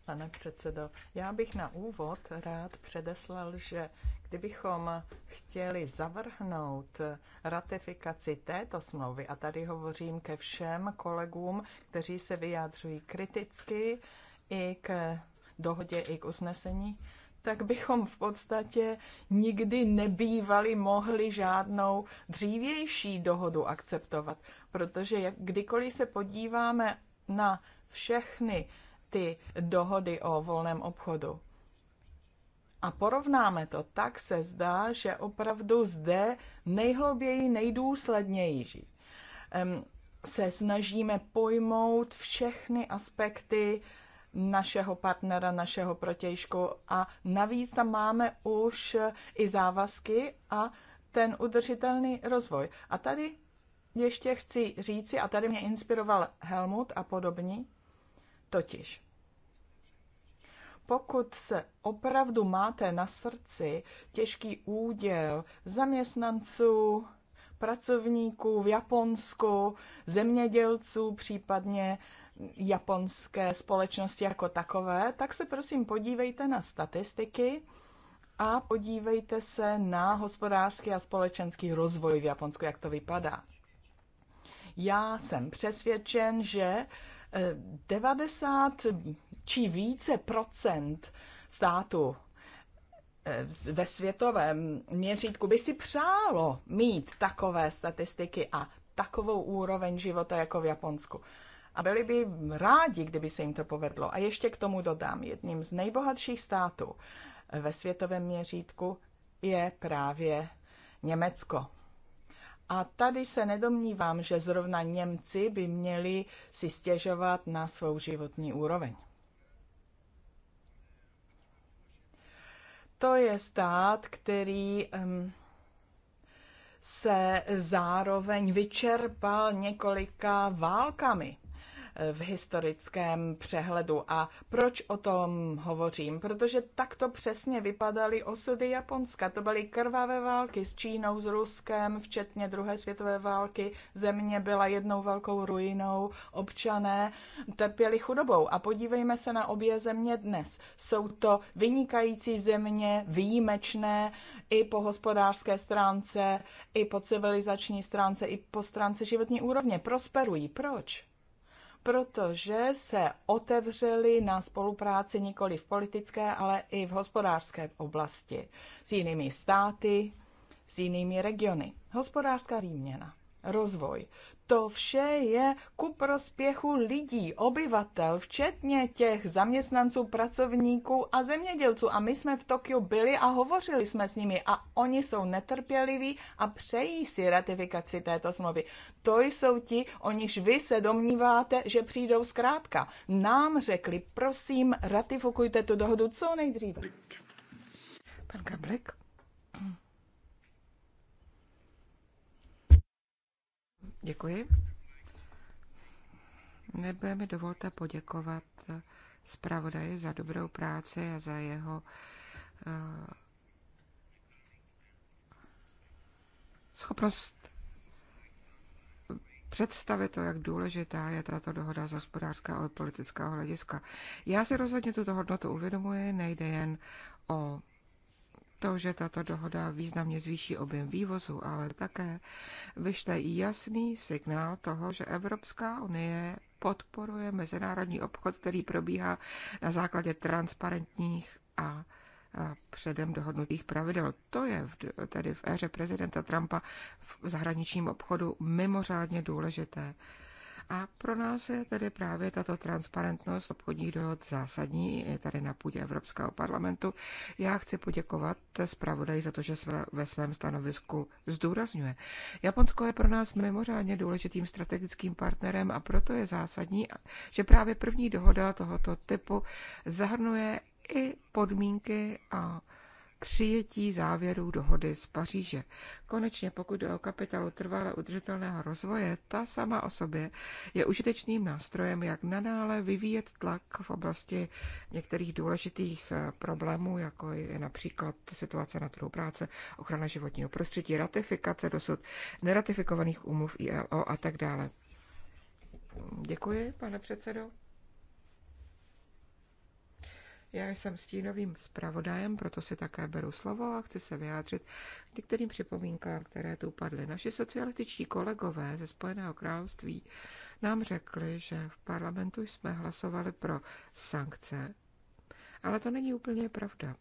Pane předsedo, já bych na úvod rád předeslal, že kdybychom chtěli zavrhnout ratifikaci této smlouvy, a tady hovořím ke všem kolegům, kteří se vyjádřují kriticky i k dohodě, i k usnesení, tak bychom v podstatě nikdy nebývali mohli žádnou dřívější dohodu akceptovat. Protože jak, kdykoliv se podíváme na všechny ty dohody o volném obchodu a porovnáme to, tak se zdá, že opravdu zde nejhlouběji, nejdůsledněji se snažíme pojmout všechny aspekty našeho partnera, našeho protějšku. A navíc tam máme už i závazky a ten udržitelný rozvoj. A tady ještě chci říci, a tady mě inspiroval Helmut a podobní, totiž pokud se opravdu máte na srdci těžký úděl zaměstnanců, pracovníků v Japonsku, zemědělců, případně japonské společnosti jako takové, tak se prosím podívejte na statistiky a podívejte se na hospodářský a společenský rozvoj v Japonsku, jak to vypadá. Já jsem přesvědčen, že 90 eh, či více procent státu eh, ve světovém měřítku by si přálo mít takové statistiky a takovou úroveň života jako v Japonsku. A byli by rádi, kdyby se jim to povedlo. A ještě k tomu dodám, jedním z nejbohatších států ve světovém měřítku je právě Německo. A tady se nedomnívám, že zrovna Němci by měli si stěžovat na svou životní úroveň. To je stát, který um, se zároveň vyčerpal několika válkami v historickém přehledu. A proč o tom hovořím? Protože takto přesně vypadaly osudy Japonska. To byly krvavé války s Čínou, s Ruskem, včetně druhé světové války. Země byla jednou velkou ruinou, občané trpěli chudobou. A podívejme se na obě země dnes. Jsou to vynikající země, výjimečné i po hospodářské stránce, i po civilizační stránce, i po stránce životní úrovně. Prosperují. Proč? protože se otevřeli na spolupráci nikoli v politické, ale i v hospodářské oblasti s jinými státy, s jinými regiony. Hospodářská výměna, rozvoj, to vše je ku prospěchu lidí, obyvatel, včetně těch zaměstnanců, pracovníků a zemědělců. A my jsme v Tokiu byli a hovořili jsme s nimi a oni jsou netrpěliví a přejí si ratifikaci této smlouvy. To jsou ti, o niž vy se domníváte, že přijdou zkrátka. Nám řekli, prosím, ratifikujte tu dohodu co nejdříve. Pan Gablik. Děkuji. Nebude mi dovolte poděkovat zpravodaji za dobrou práci a za jeho eh, schopnost představit to, jak důležitá je tato dohoda z hospodářského a politického hlediska. Já si rozhodně tuto hodnotu uvědomuji, nejde jen o to, že tato dohoda významně zvýší objem vývozu, ale také vyšle jasný signál toho, že Evropská unie podporuje mezinárodní obchod, který probíhá na základě transparentních a předem dohodnutých pravidel. To je v, tedy v éře prezidenta Trumpa v zahraničním obchodu mimořádně důležité. A pro nás je tedy právě tato transparentnost obchodních dohod zásadní je tady na půdě Evropského parlamentu. Já chci poděkovat zpravodaji za to, že své, ve svém stanovisku zdůrazňuje. Japonsko je pro nás mimořádně důležitým strategickým partnerem a proto je zásadní, že právě první dohoda tohoto typu zahrnuje i podmínky a přijetí závěrů dohody z Paříže. Konečně pokud jde o kapitalu trvale udržitelného rozvoje, ta sama o sobě je užitečným nástrojem, jak nadále vyvíjet tlak v oblasti některých důležitých eh, problémů, jako je například situace na trhu práce, ochrana životního prostředí, ratifikace dosud neratifikovaných úmluv ILO a tak dále. Děkuji, pane předsedo. Já jsem stínovým zpravodajem, proto si také beru slovo a chci se vyjádřit k některým připomínkám, které tu padly. Naši socialističtí kolegové ze Spojeného království nám řekli, že v parlamentu jsme hlasovali pro sankce, ale to není úplně pravda.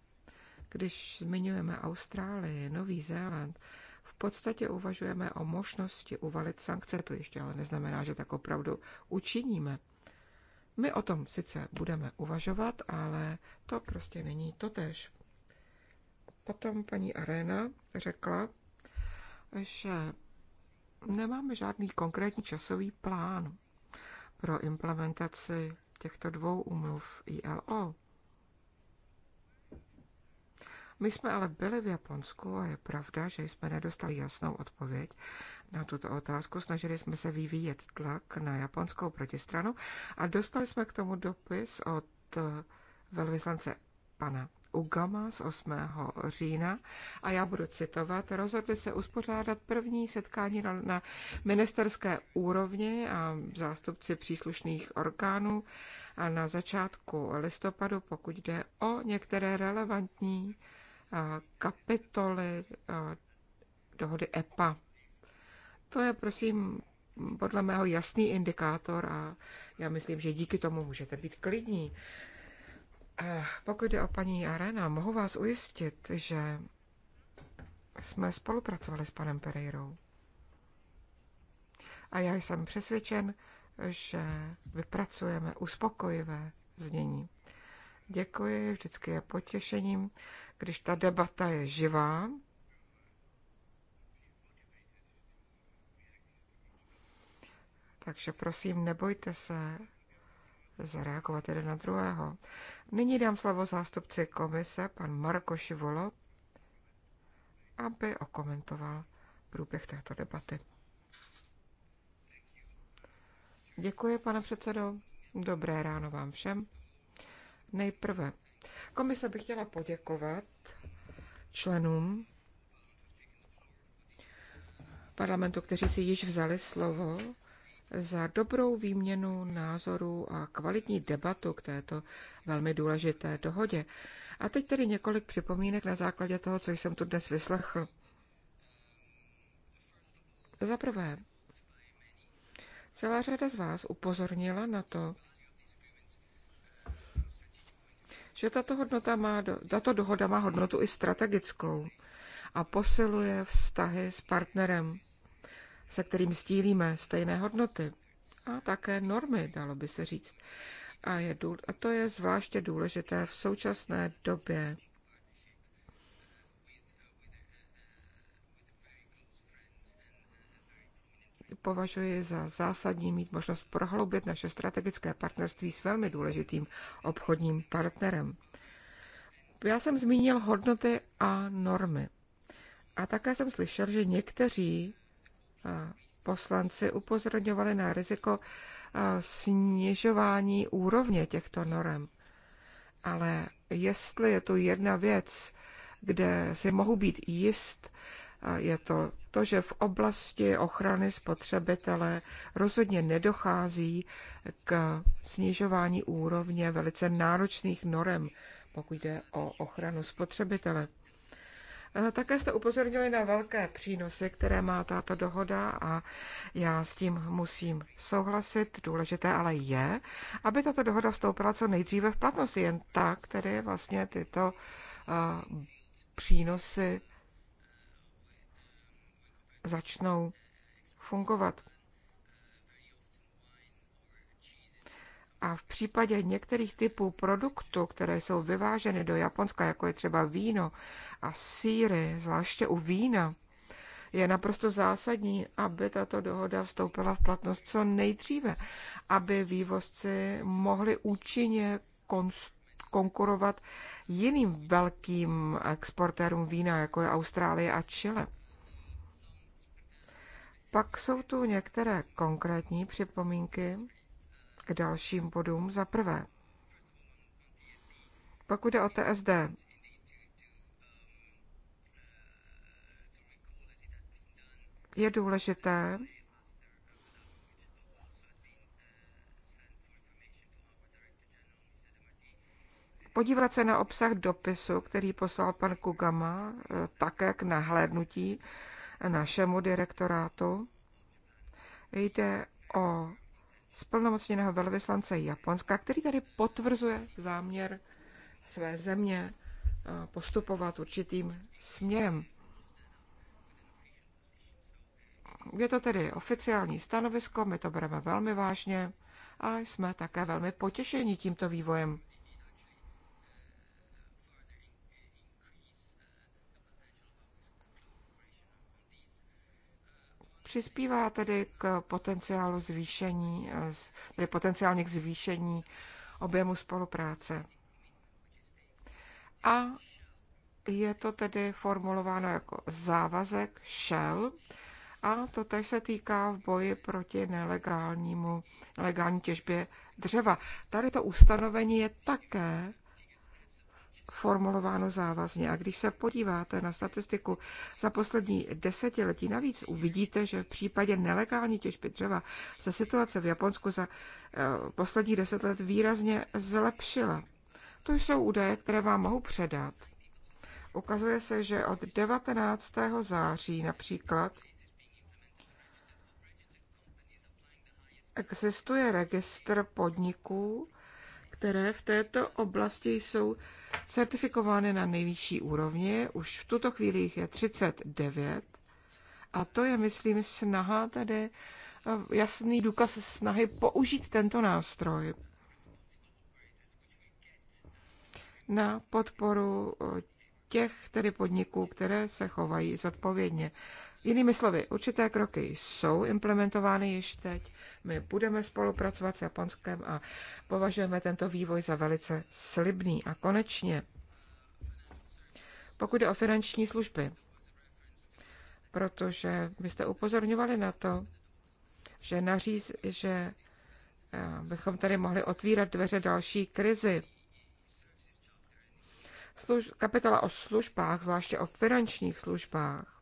Když zmiňujeme Austrálii, Nový Zéland, v podstatě uvažujeme o možnosti uvalit sankce, to ještě ale neznamená, že tak opravdu učiníme. My o tom sice budeme uvažovat, ale to prostě není totéž. Potom paní Arena řekla, že nemáme žádný konkrétní časový plán pro implementaci těchto dvou umluv ILO. My jsme ale byli v Japonsku a je pravda, že jsme nedostali jasnou odpověď na tuto otázku. Snažili jsme se vyvíjet tlak na japonskou protistranu a dostali jsme k tomu dopis od eh, velvyslance pana Ugama z 8. října a já budu citovat, rozhodli se uspořádat první setkání na, na ministerské úrovni a zástupci příslušných orgánů a na začátku listopadu, pokud jde o některé relevantní eh, kapitoly eh, dohody EPA. To je, prosím, podle mého jasný indikátor a já myslím, že díky tomu můžete být klidní. Pokud jde o paní Arena, mohu vás ujistit, že jsme spolupracovali s panem Pereirou. A já jsem přesvědčen, že vypracujeme uspokojivé znění. Děkuji, vždycky je potěšením, když ta debata je živá Takže prosím, nebojte se zareagovat jeden na druhého. Nyní dám slovo zástupci komise, pan Marko Šivolo, aby okomentoval průběh této debaty. Děkuji, pane předsedo. Dobré ráno vám všem. Nejprve, komise bych chtěla poděkovat členům parlamentu, kteří si již vzali slovo za dobrou výměnu názorů a kvalitní debatu k této velmi důležité dohodě. A teď tedy několik připomínek na základě toho, co jsem tu dnes vyslechl. Za prvé, celá řada z vás upozornila na to, že tato, hodnota má, tato dohoda má hodnotu i strategickou a posiluje vztahy s partnerem se kterým sdílíme stejné hodnoty a také normy, dalo by se říct. A, je, a to je zvláště důležité v současné době. Považuji za zásadní mít možnost prohloubit naše strategické partnerství s velmi důležitým obchodním partnerem. Já jsem zmínil hodnoty a normy. A také jsem slyšel, že někteří poslanci upozorňovali na riziko snižování úrovně těchto norem. Ale jestli je to jedna věc, kde si mohu být jist, je to to, že v oblasti ochrany spotřebitele rozhodně nedochází k snižování úrovně velice náročných norem, pokud jde o ochranu spotřebitele. Eh, také jste upozornili na velké přínosy, které má tato dohoda a já s tím musím souhlasit. Důležité ale je, aby tato dohoda vstoupila co nejdříve v platnost. Jen tak tedy vlastně tyto eh, přínosy začnou fungovat. A v případě některých typů produktů, které jsou vyváženy do Japonska, jako je třeba víno a síry, zvláště u vína, je naprosto zásadní, aby tato dohoda vstoupila v platnost co nejdříve, aby vývozci mohli účinně konkurovat jiným velkým exportérům vína, jako je Austrálie a Chile. Pak jsou tu některé konkrétní připomínky k dalším bodům. Za prvé, pokud jde o TSD, je důležité, podívat se na obsah dopisu, který poslal pan Kugama eh, také k nahlédnutí našemu direktorátu. Jde o splnomocněného velvyslance Japonska, který tady potvrzuje záměr své země eh, postupovat určitým směrem. Je to tedy oficiální stanovisko, my to bereme velmi vážně a jsme také velmi potěšeni tímto vývojem. Přispívá tedy k potenciálu zvýšení, tedy k zvýšení objemu spolupráce. A je to tedy formulováno jako závazek shell a to tež se týká v boji proti nelegálnímu, nelegální těžbě dřeva. Tady to ustanovení je také formulováno závazně. A když se podíváte na statistiku za poslední desetiletí, navíc uvidíte, že v případě nelegální těžby dřeva se situace v Japonsku za eh, poslední deset let výrazně zlepšila. To jsou údaje, které vám mohu předat. Ukazuje se, že od 19. září například existuje registr podniků, které v této oblasti jsou certifikovány na nejvyšší úrovni. Už v tuto chvíli jich je 39. A to je, myslím, snaha tady, eh, jasný důkaz snahy použít tento nástroj na podporu eh, těch tedy podniků, které se chovají zodpovědně. Jinými slovy, určité kroky jsou implementovány již teď my budeme spolupracovat s Japonskem a považujeme tento vývoj za velice slibný. A konečně, pokud jde o finanční služby, protože jste upozorňovali na to, že naříz, že eh, bychom tady mohli otvírat dveře další krizi. Služ, kapitola o službách, zvláště o finančních službách,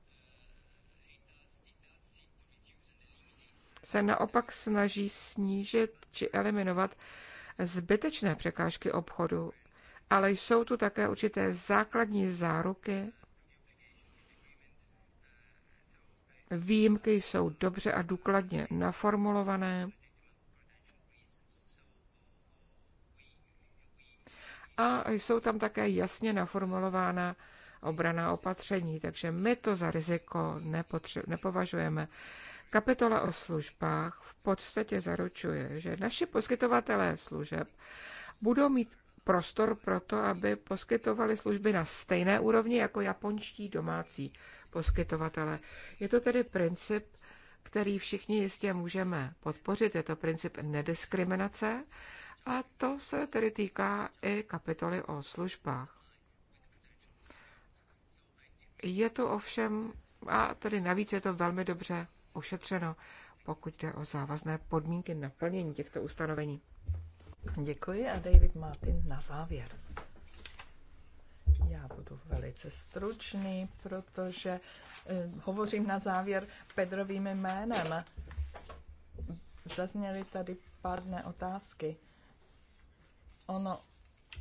se naopak snaží snížit či eliminovat zbytečné překážky obchodu, ale jsou tu také určité základní záruky. Výjimky jsou dobře a důkladně naformulované. A jsou tam také jasně naformulována obraná opatření, takže my to za riziko nepovažujeme. Kapitola o službách v podstatě zaručuje, že naši poskytovatelé služeb budou mít prostor pro to, aby poskytovali služby na stejné úrovni jako japonští domácí poskytovatele. Je to tedy princip, který všichni jistě můžeme podpořit. Je to princip nediskriminace a to se tedy týká i kapitoly o službách. Je to ovšem, a tedy navíc je to velmi dobře ošetřeno, pokud jde o závazné podmínky naplnění těchto ustanovení. Děkuji a David Martin na závěr. Já budu velice stručný, protože eh, hovořím na závěr Pedrovým jménem. Zazněly tady pádné otázky. Ono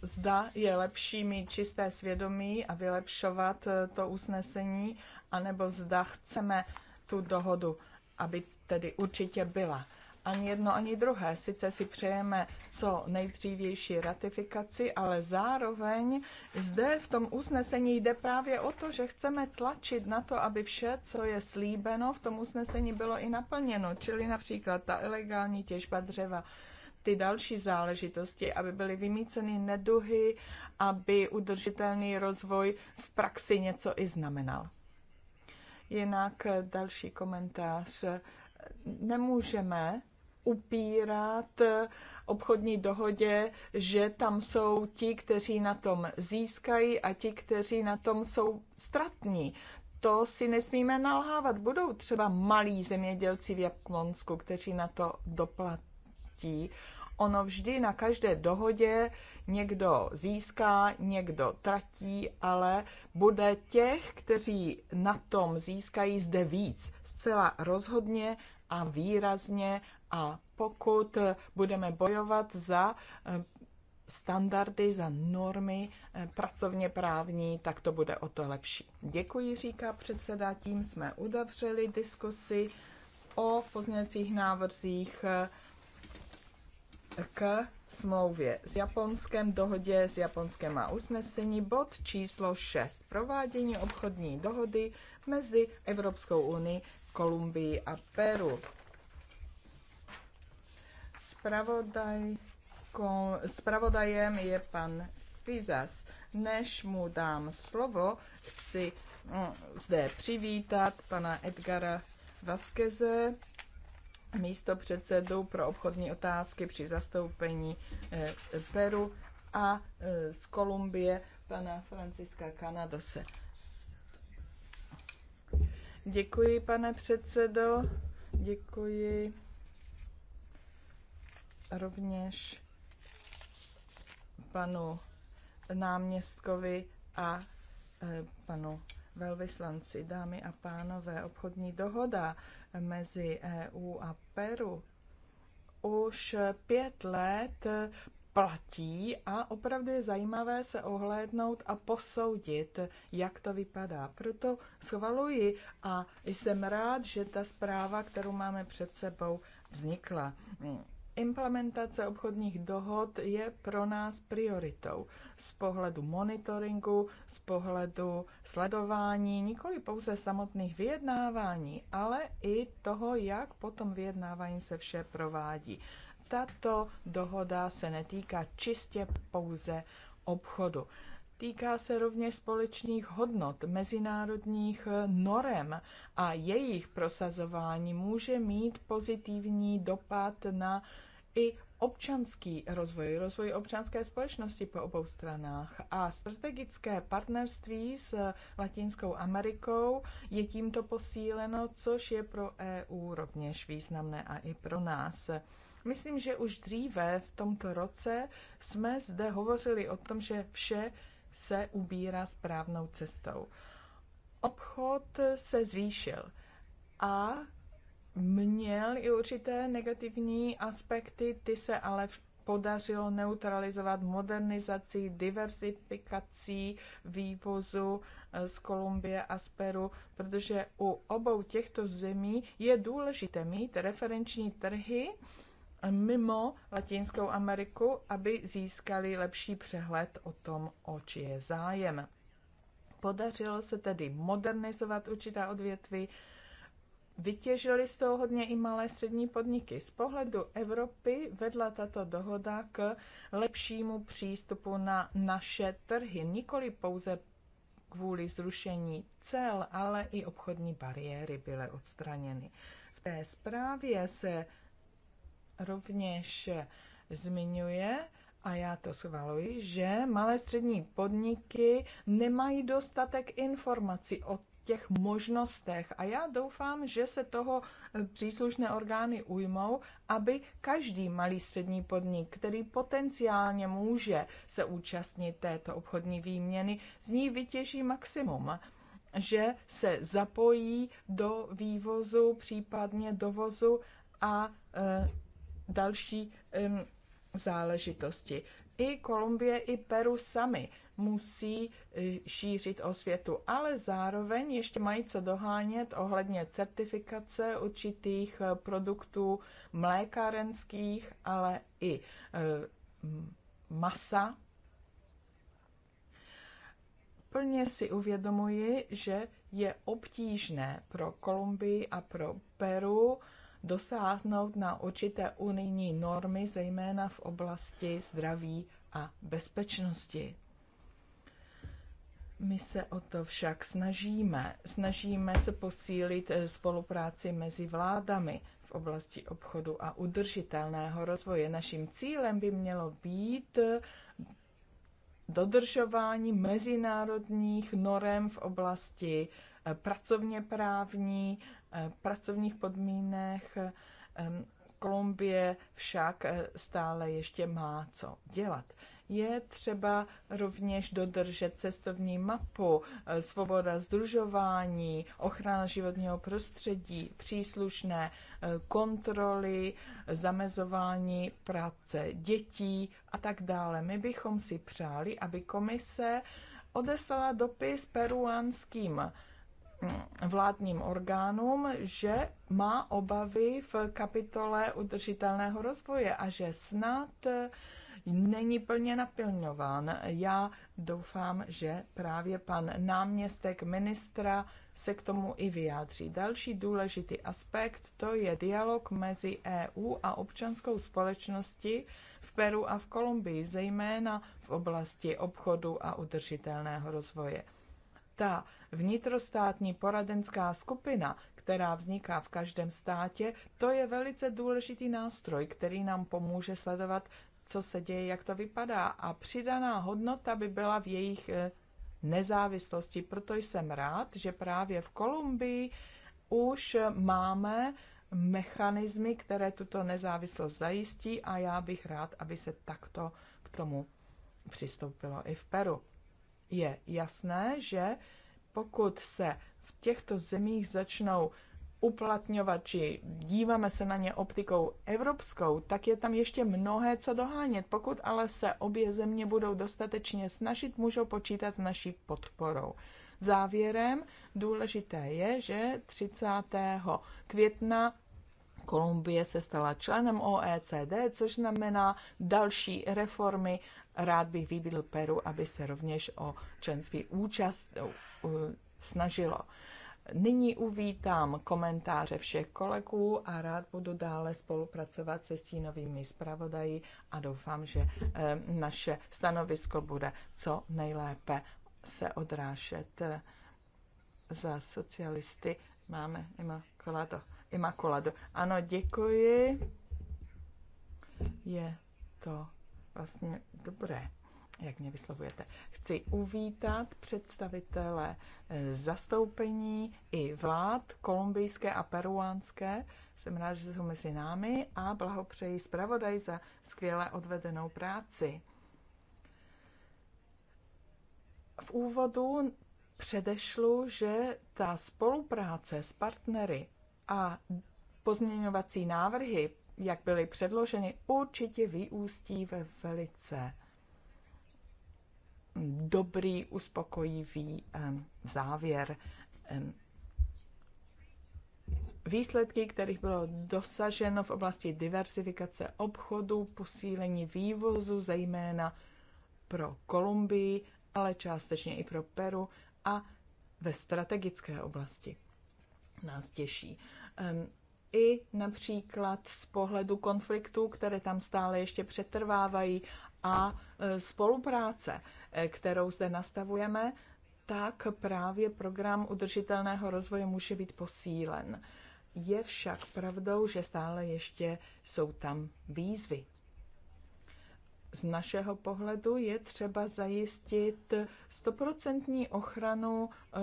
zda je lepší mít čisté svědomí a vylepšovat eh, to usnesení, anebo zda chceme tu dohodu, aby tedy určitě byla. Ani jedno, ani druhé. Sice si přejeme co nejdřívější ratifikaci, ale zároveň zde v tom usnesení jde právě o to, že chceme tlačit na to, aby vše, co je slíbeno, v tom usnesení bylo i naplněno. Čili například ta ilegální těžba dřeva, ty další záležitosti, aby byly vymíceny neduhy, aby udržitelný rozvoj v praxi něco i znamenal. Jinak eh, další komentář. Nemůžeme upírat eh, obchodní dohodě, že tam jsou ti, kteří na tom získají a ti, kteří na tom jsou ztratní. To si nesmíme nalhávat. Budou třeba malí zemědělci v Japonsku, kteří na to doplatí ono vždy na každé dohodě někdo získá, někdo tratí, ale bude těch, kteří na tom získají zde víc. Zcela rozhodně a výrazně a pokud budeme bojovat za eh, standardy, za normy eh, pracovně právní, tak to bude o to lepší. Děkuji, říká předseda, tím jsme udavřeli diskusi o pozměňovacích návrzích eh, k smlouvě s Japonskem, dohodě s Japonskem a usnesení bod číslo 6. Provádění obchodní dohody mezi Evropskou unii, Kolumbií a Peru. Spravodaj, kon, spravodajem je pan Pizas. Než mu dám slovo, chci no, zde přivítat pana Edgara Vaskeze, místo předsedu pro obchodní otázky při zastoupení eh, Peru a eh, z Kolumbie pana Franciska Kanadose. Děkuji, pane předsedo. Děkuji rovněž panu náměstkovi a eh, panu velvyslanci, dámy a pánové, obchodní dohoda mezi EU a Peru už pět let platí a opravdu je zajímavé se ohlédnout a posoudit, jak to vypadá. Proto schvaluji a jsem rád, že ta zpráva, kterou máme před sebou, vznikla. Implementace obchodních dohod je pro nás prioritou z pohledu monitoringu, z pohledu sledování nikoli pouze samotných vyjednávání, ale i toho, jak potom vyjednávání se vše provádí. Tato dohoda se netýká čistě pouze obchodu. Týká se rovněž společných hodnot, mezinárodních norem a jejich prosazování může mít pozitivní dopad na i občanský rozvoj, rozvoj občanské společnosti po obou stranách a strategické partnerství s Latinskou Amerikou je tímto posíleno, což je pro EU rovněž významné a i pro nás. Myslím, že už dříve v tomto roce jsme zde hovořili o tom, že vše se ubírá správnou cestou. Obchod se zvýšil a měl i určité negativní aspekty, ty se ale podařilo neutralizovat modernizací, diversifikací vývozu eh, z Kolumbie a z Peru, protože u obou těchto zemí je důležité mít referenční trhy eh, mimo Latinskou Ameriku, aby získali lepší přehled o tom, o či je zájem. Podařilo se tedy modernizovat určitá odvětví, Vytěžily z toho hodně i malé střední podniky. Z pohledu Evropy vedla tato dohoda k lepšímu přístupu na naše trhy, nikoli pouze kvůli zrušení cel, ale i obchodní bariéry byly odstraněny. V té zprávě se rovněž zmiňuje, a já to schvaluji, že malé střední podniky nemají dostatek informací o těch možnostech. A já doufám, že se toho eh, příslušné orgány ujmou, aby každý malý střední podnik, který potenciálně může se účastnit této obchodní výměny, z ní vytěží maximum že se zapojí do vývozu, případně dovozu a e, další e, záležitosti. I Kolumbie, i Peru sami musí e, šířit osvětu, ale zároveň ještě mají co dohánět ohledně certifikace určitých e, produktů mlékárenských, ale i e, masa. Plně si uvědomuji, že je obtížné pro Kolumbii a pro Peru dosáhnout na určité unijní normy, zejména v oblasti zdraví a bezpečnosti. My se o to však snažíme. Snažíme se posílit eh, spolupráci mezi vládami v oblasti obchodu a udržitelného rozvoje. Naším cílem by mělo být eh, dodržování mezinárodních norem v oblasti eh, pracovně právní, pracovních podmínek. Ehm, Kolumbie však stále ještě má co dělat. Je třeba rovněž dodržet cestovní mapu, eh, svoboda združování, ochrana životního prostředí, příslušné eh, kontroly, zamezování práce dětí a tak dále. My bychom si přáli, aby komise odeslala dopis peruánským mm, vládním orgánům, že má obavy v kapitole udržitelného rozvoje a že snad eh, není plně naplňován. Já doufám, že právě pan náměstek ministra se k tomu i vyjádří. Další důležitý aspekt to je dialog mezi EU a občanskou společností v Peru a v Kolumbii, zejména v oblasti obchodu a udržitelného rozvoje. Ta vnitrostátní poradenská skupina, která vzniká v každém státě, to je velice důležitý nástroj, který nám pomůže sledovat co se děje, jak to vypadá. A přidaná hodnota by byla v jejich eh, nezávislosti. Proto jsem rád, že právě v Kolumbii už máme mechanismy, které tuto nezávislost zajistí a já bych rád, aby se takto k tomu přistoupilo i v Peru. Je jasné, že pokud se v těchto zemích začnou uplatňovači, díváme se na ně optikou evropskou, tak je tam ještě mnohé co dohánět. Pokud ale se obě země budou dostatečně snažit, můžou počítat s naší podporou. Závěrem důležité je, že 30. května Kolumbie se stala členem OECD, což znamená další reformy. Rád bych vybídl Peru, aby se rovněž o členství účast snažilo. Nyní uvítám komentáře všech kolegů a rád budu dále spolupracovat se stínovými zpravodají a doufám, že eh, naše stanovisko bude co nejlépe se odrážet. Eh, za socialisty máme Imakolado. Imakolado. Ano, děkuji. Je to vlastně dobré jak mě vyslovujete. Chci uvítat představitele eh, zastoupení i vlád kolumbijské a peruánské. Jsem rád, že jsou mezi námi a blahopřeji zpravodaj za skvěle odvedenou práci. V úvodu předešlu, že ta spolupráce s partnery a pozměňovací návrhy, jak byly předloženy, určitě vyústí ve velice dobrý, uspokojivý závěr. Výsledky, kterých bylo dosaženo v oblasti diversifikace obchodu, posílení vývozu, zejména pro Kolumbii, ale částečně i pro Peru a ve strategické oblasti nás těší. I například z pohledu konfliktů, které tam stále ještě přetrvávají a e, spolupráce, e, kterou zde nastavujeme, tak právě program udržitelného rozvoje může být posílen. Je však pravdou, že stále ještě jsou tam výzvy. Z našeho pohledu je třeba zajistit stoprocentní ochranu e,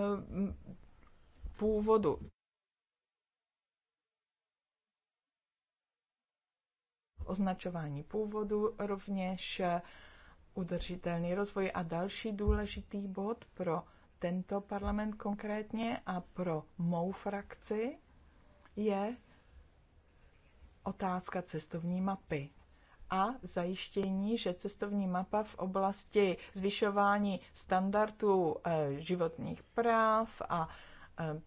původu označování původu, rovněž udržitelný rozvoj a další důležitý bod pro tento parlament konkrétně a pro mou frakci je otázka cestovní mapy a zajištění, že cestovní mapa v oblasti zvyšování standardů eh, životních práv a eh,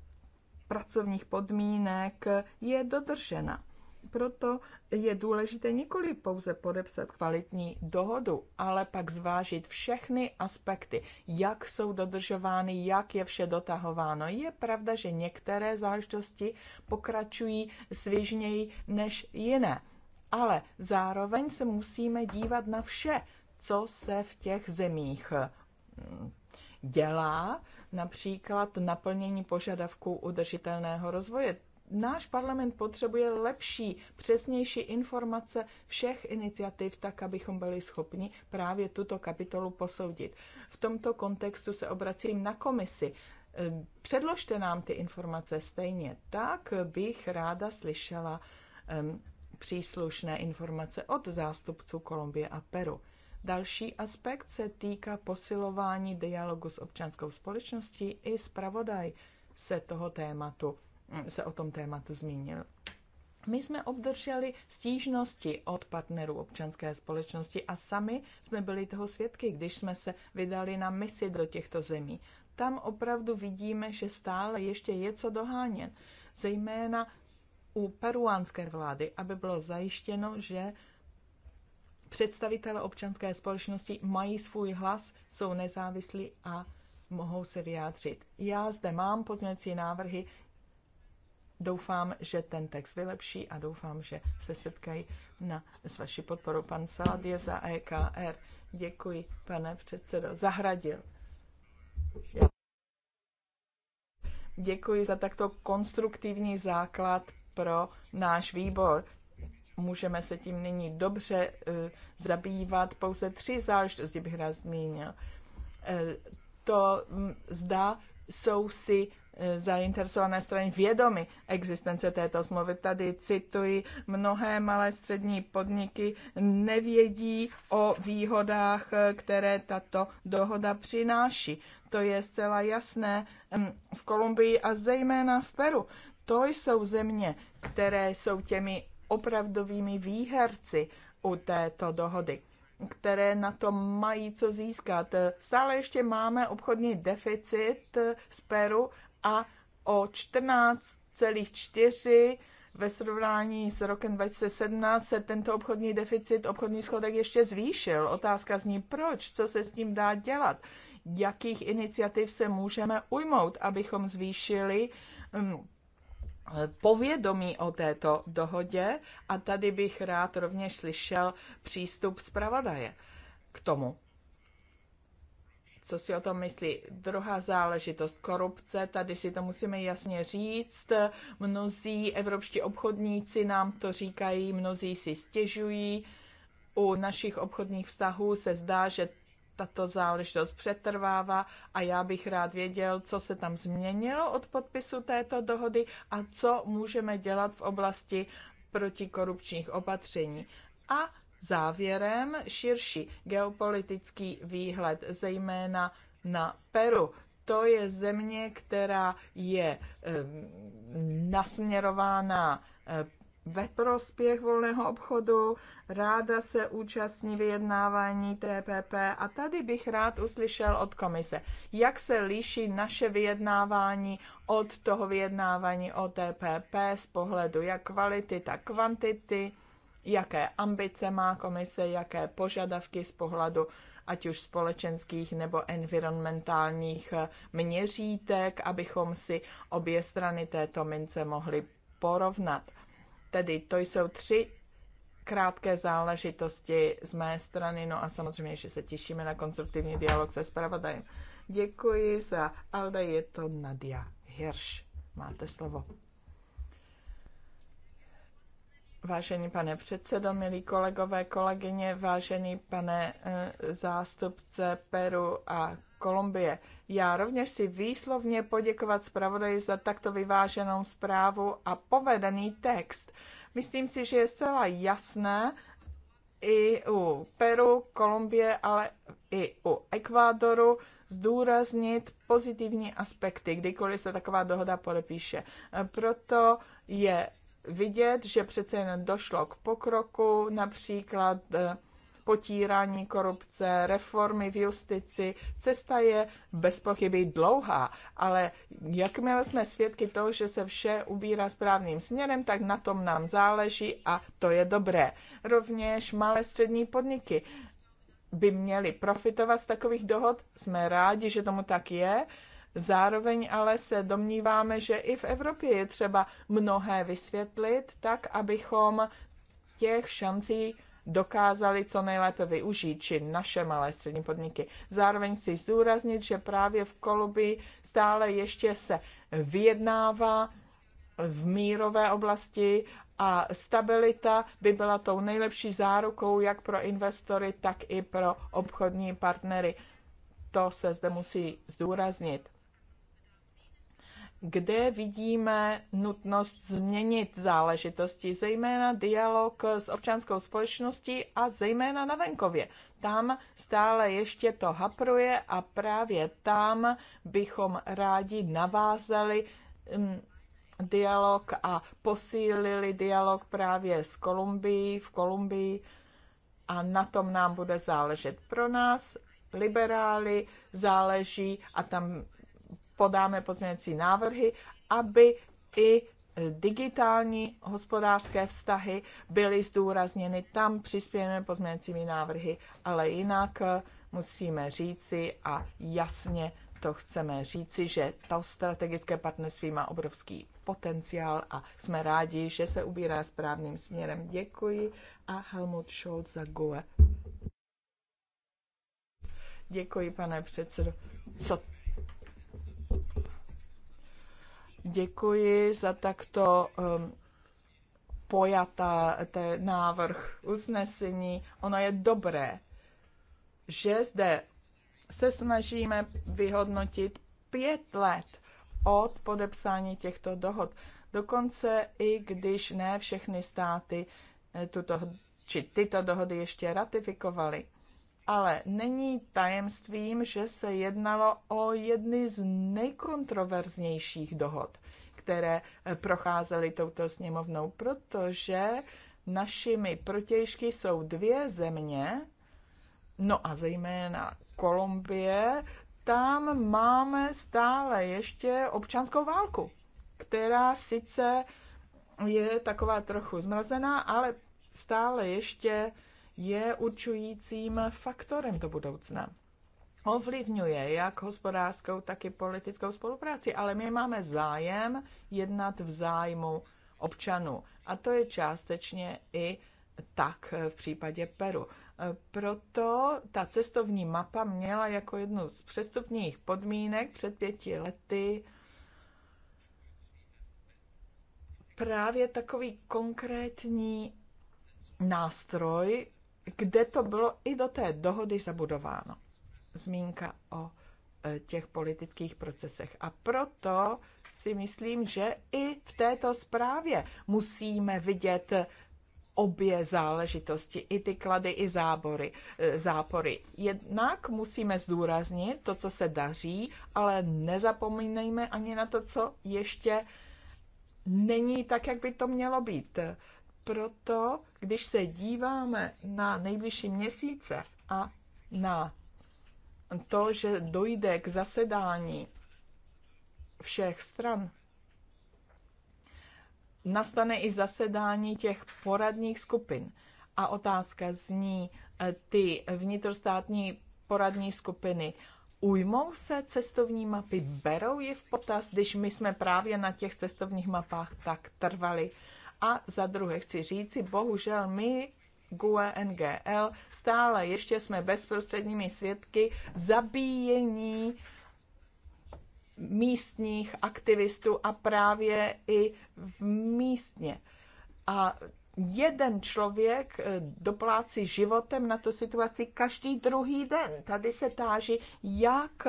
pracovních podmínek je dodržena. Proto je důležité nikoli pouze podepsat kvalitní dohodu, ale pak zvážit všechny aspekty, jak jsou dodržovány, jak je vše dotahováno. Je pravda, že některé záležitosti pokračují svěžněji než jiné, ale zároveň se musíme dívat na vše, co se v těch zemích mm, dělá, například naplnění požadavků udržitelného rozvoje náš parlament potřebuje lepší, přesnější informace všech iniciativ, tak abychom byli schopni právě tuto kapitolu posoudit. V tomto kontextu se obracím na komisi. Předložte nám ty informace stejně tak, bych ráda slyšela um, příslušné informace od zástupců Kolumbie a Peru. Další aspekt se týká posilování dialogu s občanskou společností i zpravodaj se toho tématu se o tom tématu zmínil. My jsme obdrželi stížnosti od partnerů občanské společnosti a sami jsme byli toho svědky, když jsme se vydali na misi do těchto zemí. Tam opravdu vidíme, že stále ještě je co doháněn, zejména u peruánské vlády, aby bylo zajištěno, že představitelé občanské společnosti mají svůj hlas, jsou nezávislí a mohou se vyjádřit. Já zde mám pozměňovací návrhy, Doufám, že ten text vylepší a doufám, že se setkají na, s vaší podporou. Pan Saladě za EKR. Děkuji, pane předsedo. Zahradil. Děkuji za takto konstruktivní základ pro náš výbor. Můžeme se tím nyní dobře uh, zabývat. Pouze tři záležitosti bych rád zmínil. Uh, to mm, zda jsou si e, zainteresované strany vědomy existence této smlouvy. Tady cituji, mnohé malé střední podniky nevědí o výhodách, e, které tato dohoda přináší. To je zcela jasné v Kolumbii a zejména v Peru. To jsou země, které jsou těmi opravdovými výherci u této dohody které na to mají co získat. Stále ještě máme obchodní deficit z Peru a o 14,4 ve srovnání s rokem 2017 se tento obchodní deficit, obchodní schodek ještě zvýšil. Otázka zní proč, co se s tím dá dělat, jakých iniciativ se můžeme ujmout, abychom zvýšili um, povědomí o této dohodě a tady bych rád rovněž slyšel přístup zpravodaje k tomu. Co si o tom myslí? Druhá záležitost korupce, tady si to musíme jasně říct. Mnozí evropští obchodníci nám to říkají, mnozí si stěžují. U našich obchodních vztahů se zdá, že tato záležitost přetrvává a já bych rád věděl, co se tam změnilo od podpisu této dohody a co můžeme dělat v oblasti protikorupčních opatření. A závěrem širší geopolitický výhled, zejména na Peru. To je země, která je nasměrována ve prospěch volného obchodu, ráda se účastní vyjednávání TPP a tady bych rád uslyšel od komise, jak se liší naše vyjednávání od toho vyjednávání o TPP z pohledu jak kvality, tak kvantity, jaké ambice má komise, jaké požadavky z pohledu ať už společenských nebo environmentálních měřítek, abychom si obě strany této mince mohli porovnat Tedy to jsou tři krátké záležitosti z mé strany, no a samozřejmě, že se těšíme na konstruktivní dialog se zpravodajem. Děkuji za Alda, je to Nadia Hirsch. Máte slovo. Vážený pane předsedo, milí kolegové, kolegyně, vážený pane eh, zástupce Peru a Kolumbie. Já rovněž si výslovně poděkovat zpravodaji za takto vyváženou zprávu a povedený text. Myslím si, že je zcela jasné i u Peru, Kolumbie, ale i u Ekvádoru zdůraznit pozitivní aspekty, kdykoliv se taková dohoda podepíše. Proto je vidět, že přece jen došlo k pokroku, například eh, potírání korupce, reformy v justici. Cesta je bez pochyby dlouhá, ale jakmile jsme svědky toho, že se vše ubírá správným směrem, tak na tom nám záleží a to je dobré. Rovněž malé střední podniky by měly profitovat z takových dohod. Jsme rádi, že tomu tak je. Zároveň ale se domníváme, že i v Evropě je třeba mnohé vysvětlit, tak abychom těch šancí dokázali co nejlépe využít, či naše malé střední podniky. Zároveň chci zdůraznit, že právě v Kolumbii stále ještě se vyjednává v mírové oblasti a stabilita by byla tou nejlepší zárukou jak pro investory, tak i pro obchodní partnery. To se zde musí zdůraznit kde vidíme nutnost změnit záležitosti, zejména dialog s občanskou společností a zejména na venkově. Tam stále ještě to hapruje a právě tam bychom rádi navázali mm, dialog a posílili dialog právě s Kolumbií, v Kolumbii a na tom nám bude záležet. Pro nás liberály záleží a tam podáme pozměňovací návrhy, aby i e, digitální hospodářské vztahy byly zdůrazněny. Tam přispějeme pozměňovacími návrhy, ale jinak e, musíme říci a jasně to chceme říci, že to strategické partnerství má obrovský potenciál a jsme rádi, že se ubírá správným směrem. Děkuji a Helmut Scholz za GUE. Děkuji, pane předsedo. Co Děkuji za takto um, pojatá ten návrh usnesení. Ono je dobré, že zde se snažíme vyhodnotit pět let od podepsání těchto dohod. Dokonce i když ne všechny státy eh, tuto, či tyto dohody ještě ratifikovaly ale není tajemstvím, že se jednalo o jedny z nejkontroverznějších dohod, které eh, procházely touto sněmovnou, protože našimi protějšky jsou dvě země, no a zejména Kolumbie, tam máme stále ještě občanskou válku, která sice je taková trochu zmrazená, ale stále ještě je určujícím faktorem do budoucna. Ovlivňuje jak hospodářskou, tak i politickou spolupráci, ale my máme zájem jednat v zájmu občanů. A to je částečně i tak v případě Peru. Proto ta cestovní mapa měla jako jednu z přestupních podmínek před pěti lety právě takový konkrétní nástroj, kde to bylo i do té dohody zabudováno. Zmínka o e, těch politických procesech. A proto si myslím, že i v této zprávě musíme vidět obě záležitosti, i ty klady, i zábory, e, zápory. Jednak musíme zdůraznit to, co se daří, ale nezapomínejme ani na to, co ještě není tak, jak by to mělo být proto, když se díváme na nejbližší měsíce a na to, že dojde k zasedání všech stran, nastane i zasedání těch poradních skupin. A otázka zní, eh, ty vnitrostátní poradní skupiny ujmou se cestovní mapy, berou je v potaz, když my jsme právě na těch cestovních mapách tak trvali a za druhé chci říci, bohužel my GUE NGL stále ještě jsme bezprostředními svědky zabíjení místních aktivistů a právě i v místně. A jeden člověk e, doplácí životem na tu situaci každý druhý den. Tady se táží, jak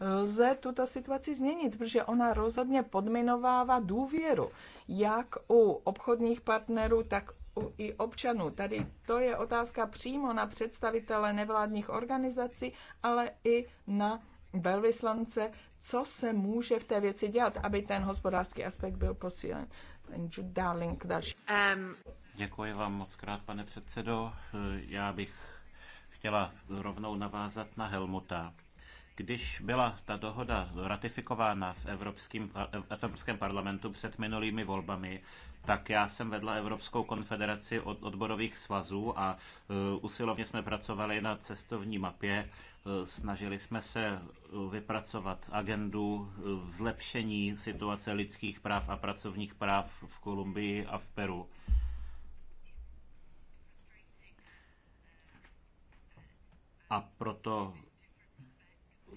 lze tuto situaci změnit, protože ona rozhodně podminovává důvěru jak u obchodních partnerů, tak u i občanů. Tady to je otázka přímo na představitele nevládních organizací, ale i na velvyslance, co se může v té věci dělat, aby ten hospodářský aspekt byl posílen. Darling, další. Um. Děkuji vám moc krát, pane předsedo. Já bych chtěla rovnou navázat na Helmuta když byla ta dohoda ratifikována v, Evropským, v Evropském parlamentu před minulými volbami, tak já jsem vedla Evropskou konfederaci od odborových svazů a e, usilovně jsme pracovali na cestovní mapě. E, snažili jsme se e, vypracovat agendu zlepšení situace lidských práv a pracovních práv v Kolumbii a v Peru. A proto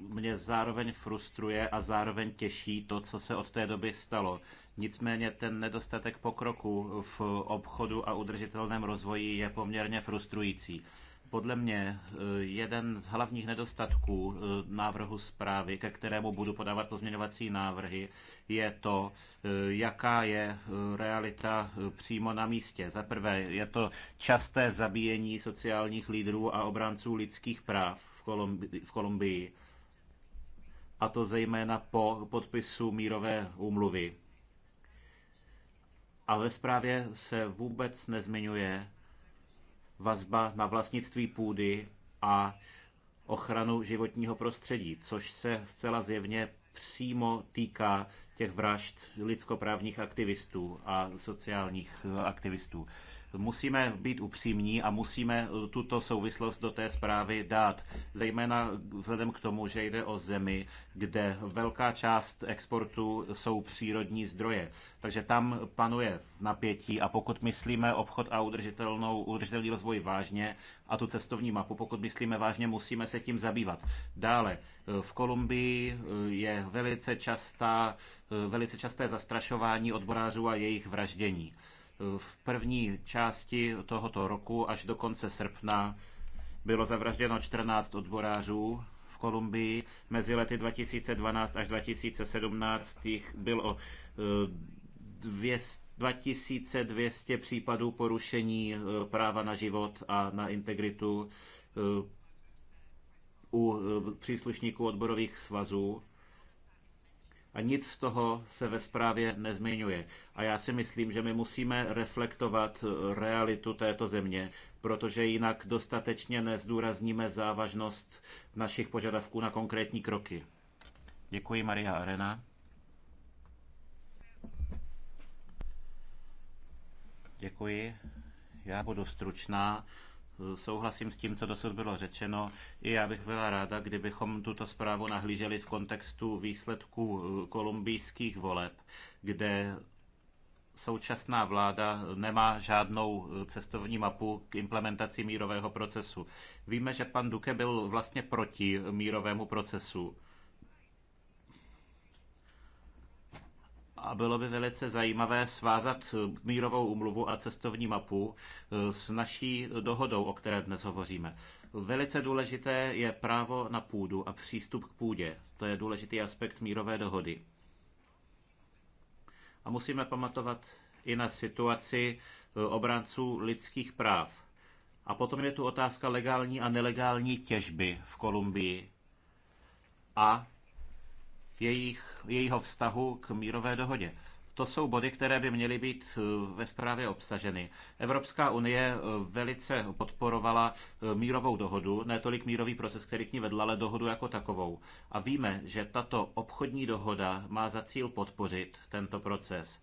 mě zároveň frustruje a zároveň těší to, co se od té doby stalo. Nicméně ten nedostatek pokroku v obchodu a udržitelném rozvoji je poměrně frustrující. Podle mě eh, jeden z hlavních nedostatků eh, návrhu zprávy, ke kterému budu podávat pozměňovací návrhy, je to, eh, jaká je realita přímo na místě. Za prvé, je to časté zabíjení sociálních lídrů a obránců lidských práv v Kolumbii. V Kolumbii a to zejména po podpisu mírové úmluvy. A ve zprávě se vůbec nezmiňuje vazba na vlastnictví půdy a ochranu životního prostředí, což se zcela zjevně přímo týká těch vražd lidskoprávních aktivistů a sociálních eh, aktivistů. Musíme být upřímní a musíme eh, tuto souvislost do té zprávy dát, zejména vzhledem k tomu, že jde o zemi, kde velká část exportu jsou přírodní zdroje. Takže tam panuje napětí a pokud myslíme obchod a udržitelnou, udržitelný rozvoj vážně a tu cestovní mapu, pokud myslíme vážně, musíme se tím zabývat. Dále, eh, v Kolumbii je velice častá velice časté zastrašování odborářů a jejich vraždění. V první části tohoto roku až do konce srpna bylo zavražděno 14 odborářů v Kolumbii. Mezi lety 2012 až 2017 jich bylo 200 eh, 2200 případů porušení eh, práva na život a na integritu eh, u příslušníků odborových svazů a nic z toho se ve zprávě nezmiňuje. A já si myslím, že my musíme reflektovat realitu této země, protože jinak dostatečně nezdůrazníme závažnost našich požadavků na konkrétní kroky. Děkuji, Maria Arena. Děkuji. Já budu stručná. Souhlasím s tím, co dosud bylo řečeno. I já bych byla ráda, kdybychom tuto zprávu nahlíželi v kontextu výsledků eh, kolumbijských voleb, kde současná vláda nemá žádnou eh, cestovní mapu k implementaci mírového procesu. Víme, že pan Duke byl vlastně proti mírovému procesu a bylo by velice zajímavé svázat mírovou umluvu a cestovní mapu eh, s naší dohodou, o které dnes hovoříme. Velice důležité je právo na půdu a přístup k půdě. To je důležitý aspekt mírové dohody. A musíme pamatovat i na situaci eh, obránců lidských práv. A potom je tu otázka legální a nelegální těžby v Kolumbii a jejich jejího vztahu k mírové dohodě. To jsou body, které by měly být eh, ve zprávě obsaženy. Evropská unie eh, velice podporovala eh, mírovou dohodu, ne tolik mírový proces, který k ní vedl, ale dohodu jako takovou. A víme, že tato obchodní dohoda má za cíl podpořit tento proces.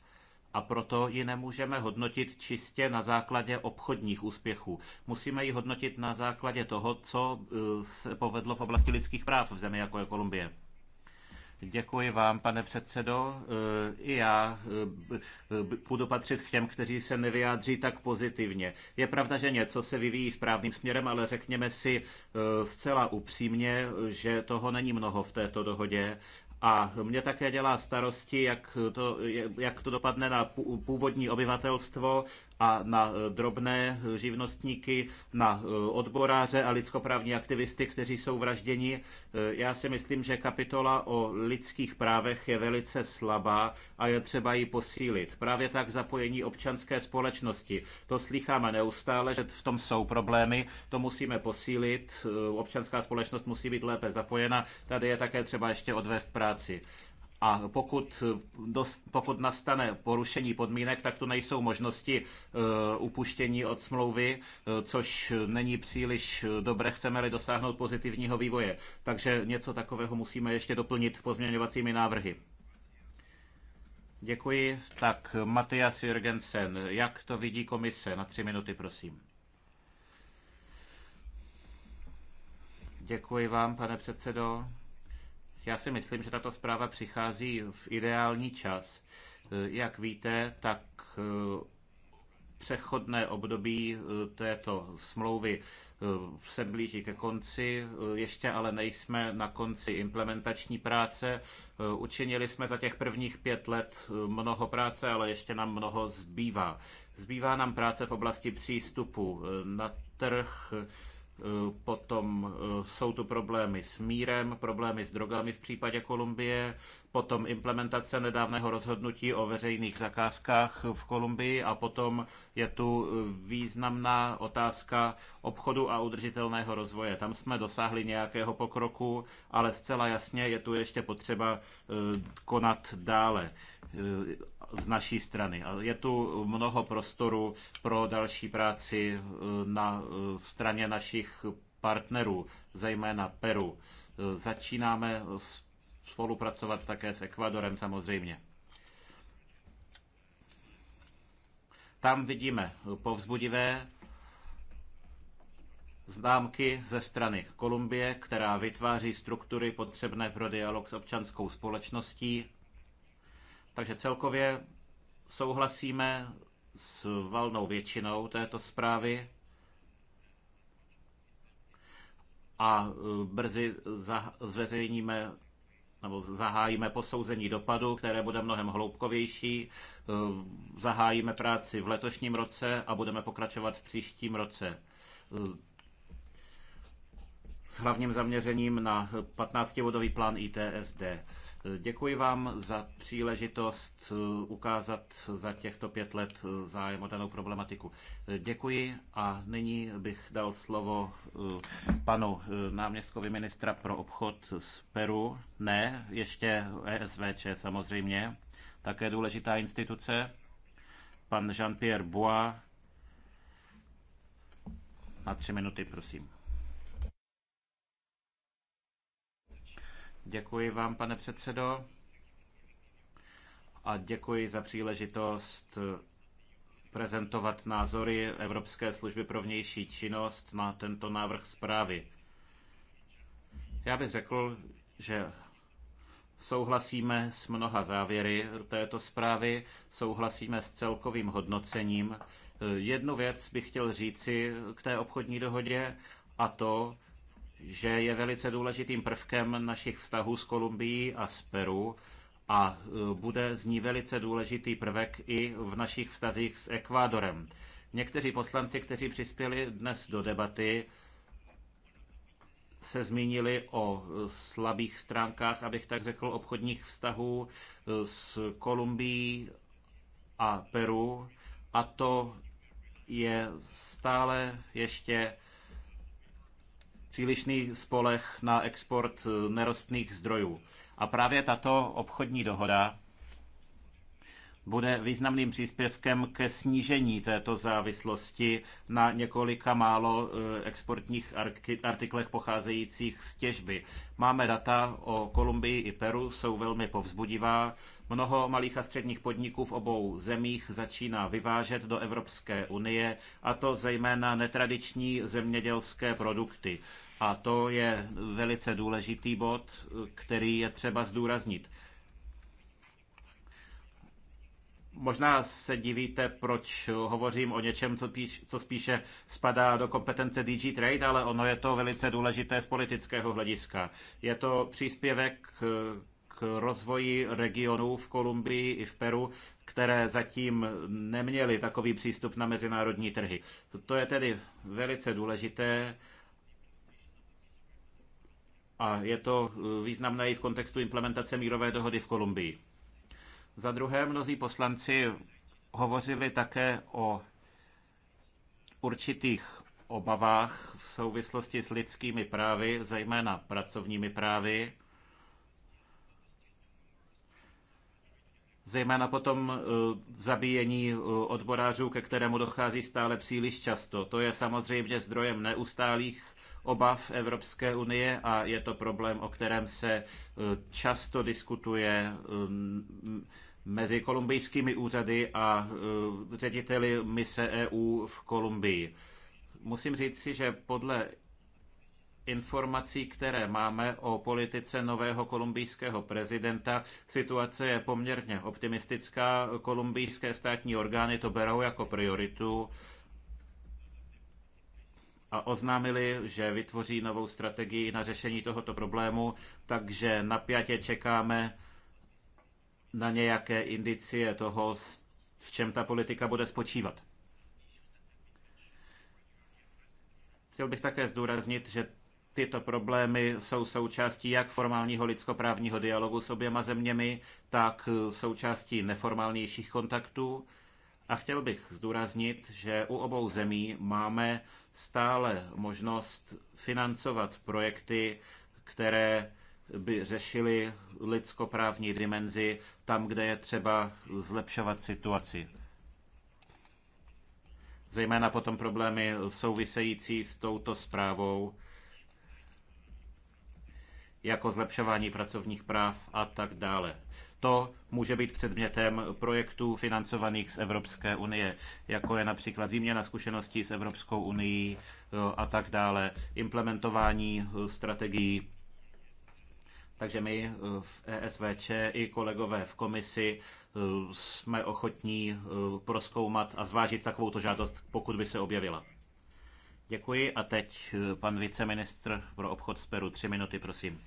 A proto ji nemůžeme hodnotit čistě na základě obchodních úspěchů. Musíme ji hodnotit na základě toho, co se povedlo v oblasti lidských práv v zemi jako je Kolumbie. Děkuji vám, pane předsedo. Eh, I já eh, budu patřit k těm, kteří se nevyjádří tak pozitivně. Je pravda, že něco se vyvíjí správným směrem, ale řekněme si eh, zcela upřímně, že toho není mnoho v této dohodě. A mě také dělá starosti, jak to, jak to dopadne na původní obyvatelstvo, a na e, drobné živnostníky, na e, odboráře a lidskoprávní aktivisty, kteří jsou vražděni. E, já si myslím, že kapitola o lidských právech je velice slabá a je třeba ji posílit. Právě tak zapojení občanské společnosti. To slycháme neustále, že v tom jsou problémy, to musíme posílit. Občanská společnost musí být lépe zapojena. Tady je také třeba ještě odvést práci. A pokud, dost, pokud nastane porušení podmínek, tak tu nejsou možnosti uh, upuštění od smlouvy, uh, což není příliš dobré, chceme-li dosáhnout pozitivního vývoje. Takže něco takového musíme ještě doplnit pozměňovacími návrhy. Děkuji. Tak Matias Jürgensen, jak to vidí komise? Na tři minuty, prosím. Děkuji vám, pane předsedo. Já si myslím, že tato zpráva přichází v ideální čas. Eh, jak víte, tak eh, přechodné období eh, této smlouvy se blíží ke konci, ještě ale nejsme na konci implementační práce. Učinili jsme za těch prvních pět let mnoho práce, ale ještě nám mnoho zbývá. Zbývá nám práce v oblasti přístupu na trh, Eh, potom eh, jsou tu problémy s mírem, problémy s drogami v případě Kolumbie, potom implementace nedávného rozhodnutí o veřejných zakázkách v Kolumbii a potom je tu eh, významná otázka obchodu a udržitelného rozvoje. Tam jsme dosáhli nějakého pokroku, ale zcela jasně je tu ještě potřeba konat dále z naší strany. A je tu mnoho prostoru pro další práci eh, na eh, straně našich partnerů, zejména Peru. Eh, začínáme spolupracovat také s Ekvadorem samozřejmě. Tam vidíme povzbudivé známky ze strany Kolumbie, která vytváří struktury potřebné pro dialog s občanskou společností takže celkově souhlasíme s valnou většinou této zprávy a e, brzy zveřejníme nebo zahájíme posouzení dopadu, které bude mnohem hloubkovější. E, zahájíme práci v letošním roce a budeme pokračovat v příštím roce e, s hlavním zaměřením na 15-bodový plán ITSD. Děkuji vám za příležitost eh, ukázat za těchto pět let eh, zájem o danou problematiku. Eh, děkuji a nyní bych dal slovo panu náměstkovi ministra pro obchod z Peru. Ne, ještě ESVČ samozřejmě, také důležitá instituce. Pan Jean-Pierre Bois. Na tři minuty, prosím. Děkuji vám, pane předsedo. A děkuji za příležitost prezentovat názory Evropské služby pro vnější činnost na tento návrh zprávy. Já bych řekl, že souhlasíme s mnoha závěry této zprávy, souhlasíme s celkovým hodnocením. Jednu věc bych chtěl říci k té obchodní dohodě a to, že je velice důležitým prvkem našich vztahů s Kolumbií a s Peru a e, bude z ní velice důležitý prvek i v našich vztazích s Ekvádorem. Někteří poslanci, kteří přispěli dnes do debaty, se zmínili o e, slabých stránkách, abych tak řekl, obchodních vztahů e, s Kolumbií a Peru. A to je stále ještě přílišný spoleh na export eh, nerostných zdrojů. A právě tato obchodní dohoda bude významným příspěvkem ke snížení této závislosti na několika málo eh, exportních artiklech pocházejících z těžby. Máme data o Kolumbii i Peru, jsou velmi povzbudivá. Mnoho malých a středních podniků v obou zemích začíná vyvážet do Evropské unie, a to zejména netradiční zemědělské produkty. A to je velice důležitý bod, eh, který je třeba zdůraznit. Možná se divíte, proč hovořím o něčem, co, píš, co spíše spadá do kompetence DG Trade, ale ono je to velice důležité z politického hlediska. Je to příspěvek eh, k rozvoji regionů v Kolumbii i v Peru, které zatím neměly takový přístup na mezinárodní trhy. To je tedy velice důležité a je to eh, významné i v kontextu implementace mírové dohody v Kolumbii. Za druhé, mnozí poslanci hovořili také o určitých obavách v souvislosti s lidskými právy, zejména pracovními právy, zejména potom e, zabíjení e, odborářů, ke kterému dochází stále příliš často. To je samozřejmě zdrojem neustálých obav Evropské unie a je to problém, o kterém se e, často diskutuje mezi kolumbijskými úřady a e, řediteli mise EU v Kolumbii. Musím říct si, že podle informací, které máme o politice nového kolumbijského prezidenta, situace je poměrně optimistická. Kolumbijské státní orgány to berou jako prioritu a oznámili, že vytvoří novou strategii na řešení tohoto problému, takže napjatě čekáme na nějaké indicie toho, v čem ta politika bude spočívat. Chtěl bych také zdůraznit, že tyto problémy jsou součástí jak formálního lidskoprávního dialogu s oběma zeměmi, tak součástí neformálnějších kontaktů. A chtěl bych zdůraznit, že u obou zemí máme stále možnost financovat projekty, které by řešili lidskoprávní dimenzi tam, kde je třeba zlepšovat situaci. Zejména potom problémy související s touto zprávou, jako zlepšování pracovních práv a tak dále. To může být předmětem projektů financovaných z Evropské unie, jako je například výměna zkušeností s Evropskou unii a tak dále, implementování strategií takže my eh, v ESVČ i kolegové v komisi eh, jsme ochotní eh, proskoumat a zvážit takovouto žádost, pokud by se objevila. Děkuji a teď pan viceministr pro obchod z Peru. Tři minuty, prosím.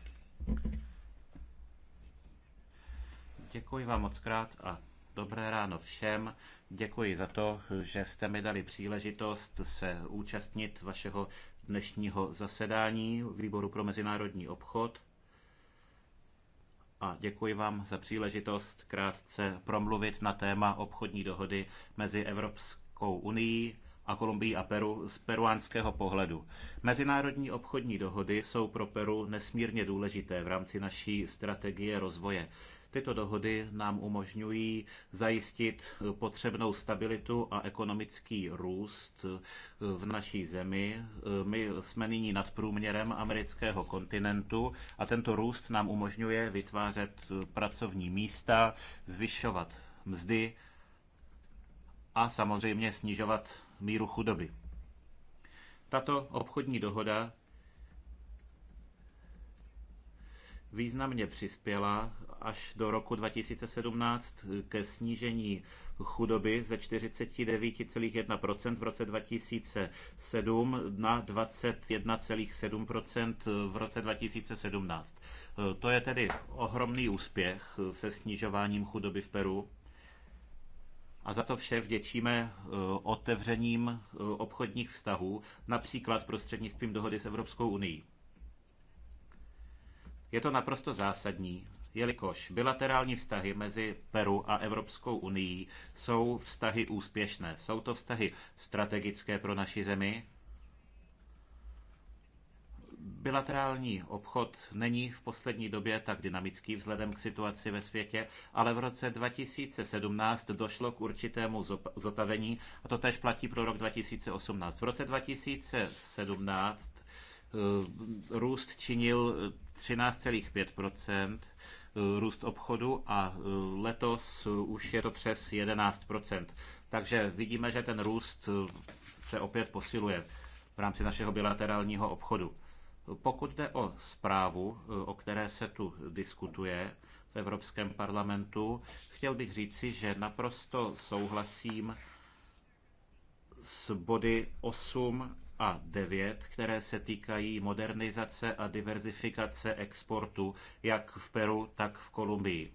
Děkuji vám moc krát a dobré ráno všem. Děkuji za to, že jste mi dali příležitost se účastnit vašeho dnešního zasedání výboru pro mezinárodní obchod a děkuji vám za příležitost krátce promluvit na téma obchodní dohody mezi Evropskou unii a Kolumbií a Peru z peruánského pohledu. Mezinárodní obchodní dohody jsou pro Peru nesmírně důležité v rámci naší strategie rozvoje. Tyto dohody nám umožňují zajistit potřebnou stabilitu a ekonomický růst v naší zemi. My jsme nyní nad průměrem amerického kontinentu a tento růst nám umožňuje vytvářet pracovní místa, zvyšovat mzdy a samozřejmě snižovat míru chudoby. Tato obchodní dohoda významně přispěla až do roku 2017 ke snížení chudoby ze 49,1% v roce 2007 na 21,7% v roce 2017. To je tedy ohromný úspěch se snižováním chudoby v Peru. A za to vše vděčíme eh, otevřením eh, obchodních vztahů, například prostřednictvím dohody s Evropskou unii. Je to naprosto zásadní, jelikož bilaterální vztahy mezi Peru a Evropskou unii jsou vztahy úspěšné. Jsou to vztahy strategické pro naši zemi. Bilaterální obchod není v poslední době tak dynamický vzhledem k situaci ve světě, ale v roce 2017 došlo k určitému zotavení a to tež platí pro rok 2018. V roce 2017 Eh, růst činil 13,5 eh, eh, růst obchodu a letos už je to přes 11 Takže vidíme, že ten růst se opět posiluje v rámci našeho bilaterálního obchodu. Pokud jde o zprávu, o které se tu diskutuje v Evropském parlamentu, chtěl bych říci, že naprosto souhlasím s body 8 a 9, které se týkají modernizace a diverzifikace exportu jak v Peru, tak v Kolumbii.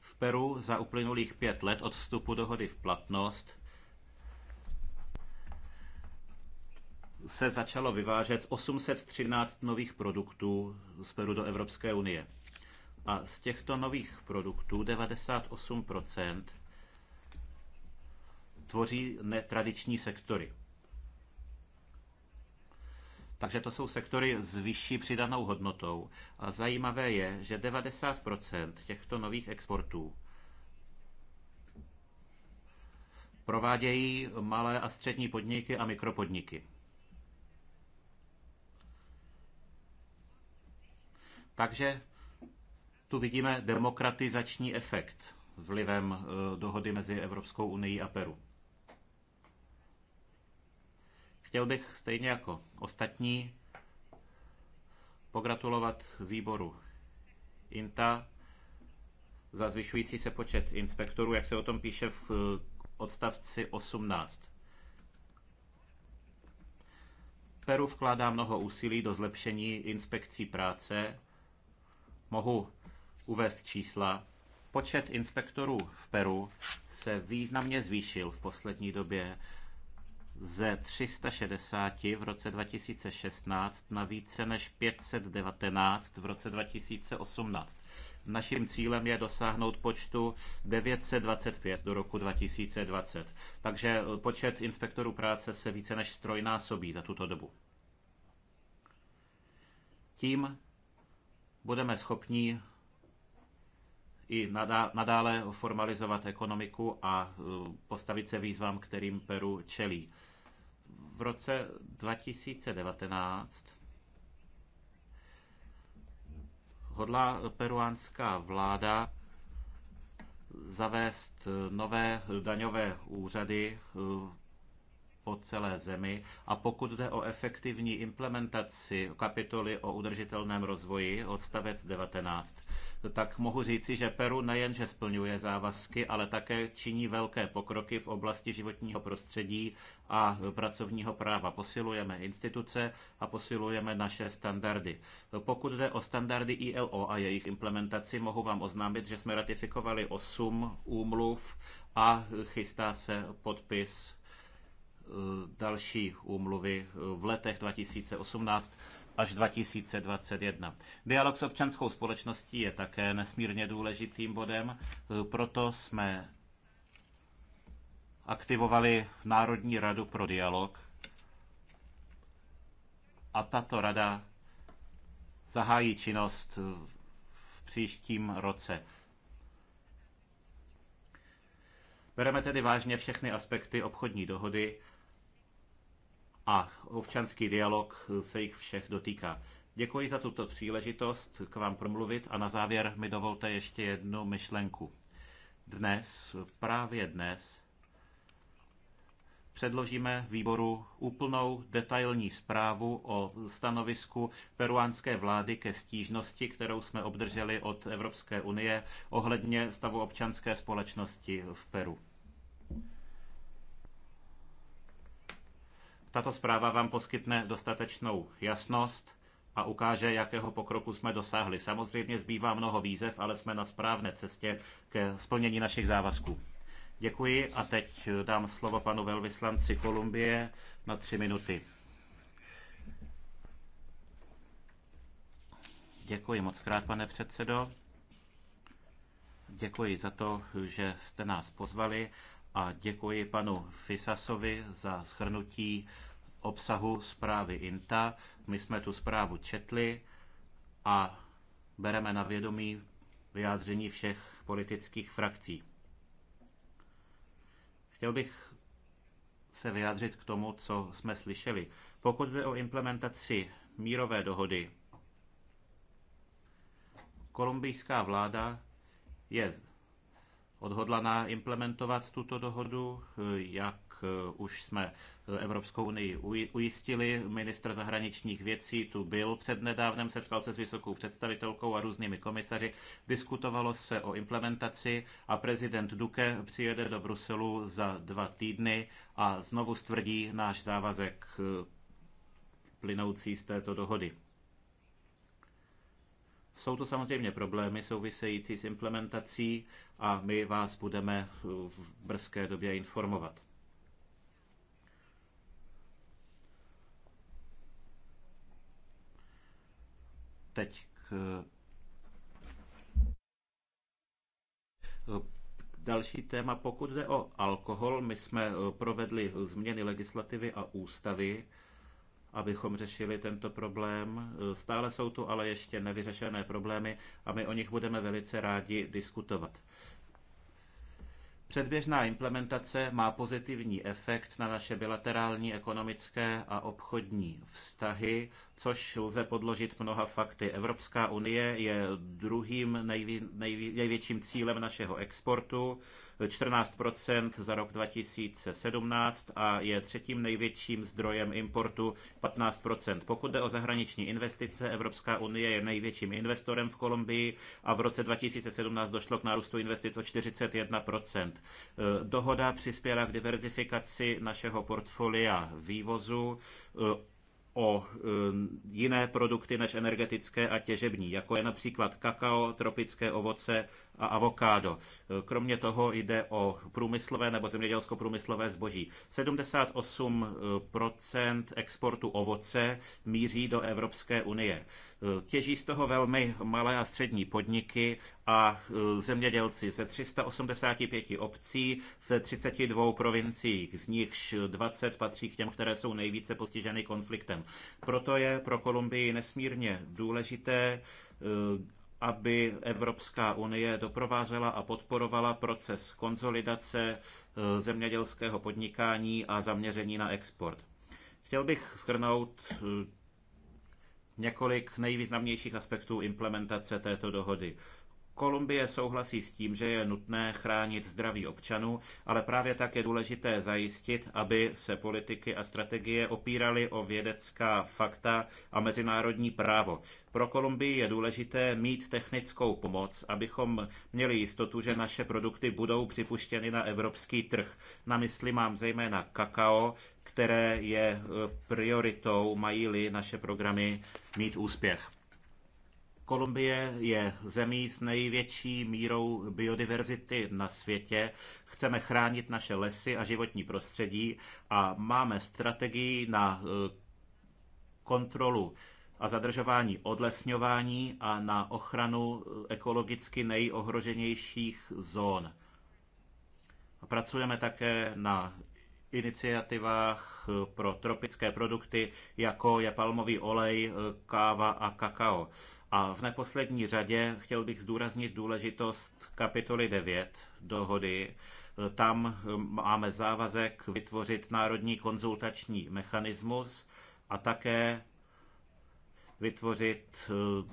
V Peru za uplynulých pět let od vstupu dohody v platnost se začalo vyvážet 813 nových produktů z Peru do Evropské unie. A z těchto nových produktů 98 tvoří netradiční sektory. Takže to jsou sektory s vyšší přidanou hodnotou. A zajímavé je, že 90% těchto nových exportů provádějí malé a střední podniky a mikropodniky. Takže tu vidíme demokratizační efekt vlivem eh, dohody mezi Evropskou unii a Peru. Chtěl bych stejně jako ostatní pogratulovat výboru INTA za zvyšující se počet inspektorů, jak se o tom píše v eh, odstavci 18. Peru vkládá mnoho úsilí do zlepšení inspekcí práce. Mohu uvést čísla. Počet inspektorů v Peru se významně zvýšil v poslední době ze 360 v roce 2016 na více než 519 v roce 2018. Naším cílem je dosáhnout počtu 925 do roku 2020. Takže počet inspektorů práce se více než strojnásobí za tuto dobu. Tím budeme schopni i nadále formalizovat ekonomiku a e, postavit se výzvám, kterým Peru čelí v roce 2019 hodlá peruánská vláda zavést nové daňové úřady eh, po celé zemi. A pokud jde o efektivní implementaci kapitoly o udržitelném rozvoji, odstavec 19, tak mohu říci, že Peru nejenže splňuje závazky, ale také činí velké pokroky v oblasti životního prostředí a pracovního práva. Posilujeme instituce a posilujeme naše standardy. Pokud jde o standardy ILO a jejich implementaci, mohu vám oznámit, že jsme ratifikovali 8 úmluv a chystá se podpis Eh, další úmluvy eh, v letech 2018 až 2021. Dialog s občanskou společností je také nesmírně důležitým bodem, eh, proto jsme aktivovali Národní radu pro dialog a tato rada zahájí činnost v příštím roce. Bereme tedy vážně všechny aspekty obchodní dohody a občanský dialog se jich všech dotýká. Děkuji za tuto příležitost k vám promluvit a na závěr mi dovolte ještě jednu myšlenku. Dnes, právě dnes, předložíme výboru úplnou detailní zprávu o stanovisku peruánské vlády ke stížnosti, kterou jsme obdrželi od Evropské unie ohledně stavu občanské společnosti v Peru. Tato zpráva vám poskytne dostatečnou jasnost a ukáže, jakého pokroku jsme dosáhli. Samozřejmě zbývá mnoho výzev, ale jsme na správné cestě ke splnění našich závazků. Děkuji a teď dám slovo panu velvyslanci Kolumbie na tři minuty. Děkuji moc krát, pane předsedo. Děkuji za to, že jste nás pozvali a děkuji panu Fisasovi za shrnutí obsahu zprávy INTA. My jsme tu zprávu četli a bereme na vědomí vyjádření všech politických frakcí. Chtěl bych se vyjádřit k tomu, co jsme slyšeli. Pokud jde o implementaci mírové dohody, kolumbijská vláda je odhodlaná implementovat tuto dohodu, jak Eh, už jsme Evropskou unii ujistili. Ministr zahraničních věcí tu byl přednedávnem, setkal se s vysokou představitelkou a různými komisaři. Diskutovalo se o implementaci a prezident Duke přijede do Bruselu za dva týdny a znovu stvrdí náš závazek eh, plynoucí z této dohody. Jsou to samozřejmě problémy související s implementací a my vás budeme v brzké době informovat. teď k eh, Další téma, pokud jde o alkohol, my jsme eh, provedli změny legislativy a ústavy, abychom řešili tento problém. Eh, stále jsou tu ale ještě nevyřešené problémy a my o nich budeme velice rádi diskutovat. Předběžná implementace má pozitivní efekt na naše bilaterální ekonomické a obchodní vztahy, což lze podložit mnoha fakty. Evropská unie je druhým nejvě, největším cílem našeho exportu 14 za rok 2017 a je třetím největším zdrojem importu 15 Pokud jde o zahraniční investice, Evropská unie je největším investorem v Kolumbii a v roce 2017 došlo k nárůstu investic o 41 e, Dohoda přispěla k diverzifikaci našeho portfolia vývozu e, o e, jiné produkty než energetické a těžební, jako je například kakao, tropické ovoce a avokádo. Kromě toho jde o průmyslové nebo zemědělsko-průmyslové zboží. 78% exportu ovoce míří do Evropské unie. Těží z toho velmi malé a střední podniky a zemědělci ze 385 obcí v 32 provinciích, z nichž 20 patří k těm, které jsou nejvíce postiženy konfliktem. Proto je pro Kolumbii nesmírně důležité, aby Evropská unie doprovázela a podporovala proces konzolidace e, zemědělského podnikání a zaměření na export. Chtěl bych shrnout e, několik nejvýznamnějších aspektů implementace této dohody. Kolumbie souhlasí s tím, že je nutné chránit zdraví občanů, ale právě tak je důležité zajistit, aby se politiky a strategie opíraly o vědecká fakta a mezinárodní právo. Pro Kolumbii je důležité mít technickou pomoc, abychom měli jistotu, že naše produkty budou připuštěny na evropský trh. Na mysli mám zejména kakao, které je eh, prioritou, mají-li naše programy mít úspěch. Kolumbie je zemí s největší mírou biodiverzity na světě. Chceme chránit naše lesy a životní prostředí a máme strategii na eh, kontrolu a zadržování odlesňování a na ochranu eh, ekologicky nejohroženějších zón. Pracujeme také na iniciativách eh, pro tropické produkty, jako je palmový olej, káva a kakao. A v neposlední řadě chtěl bych zdůraznit důležitost kapitoly 9 dohody. Tam eh, máme závazek vytvořit národní konzultační mechanismus a také vytvořit eh,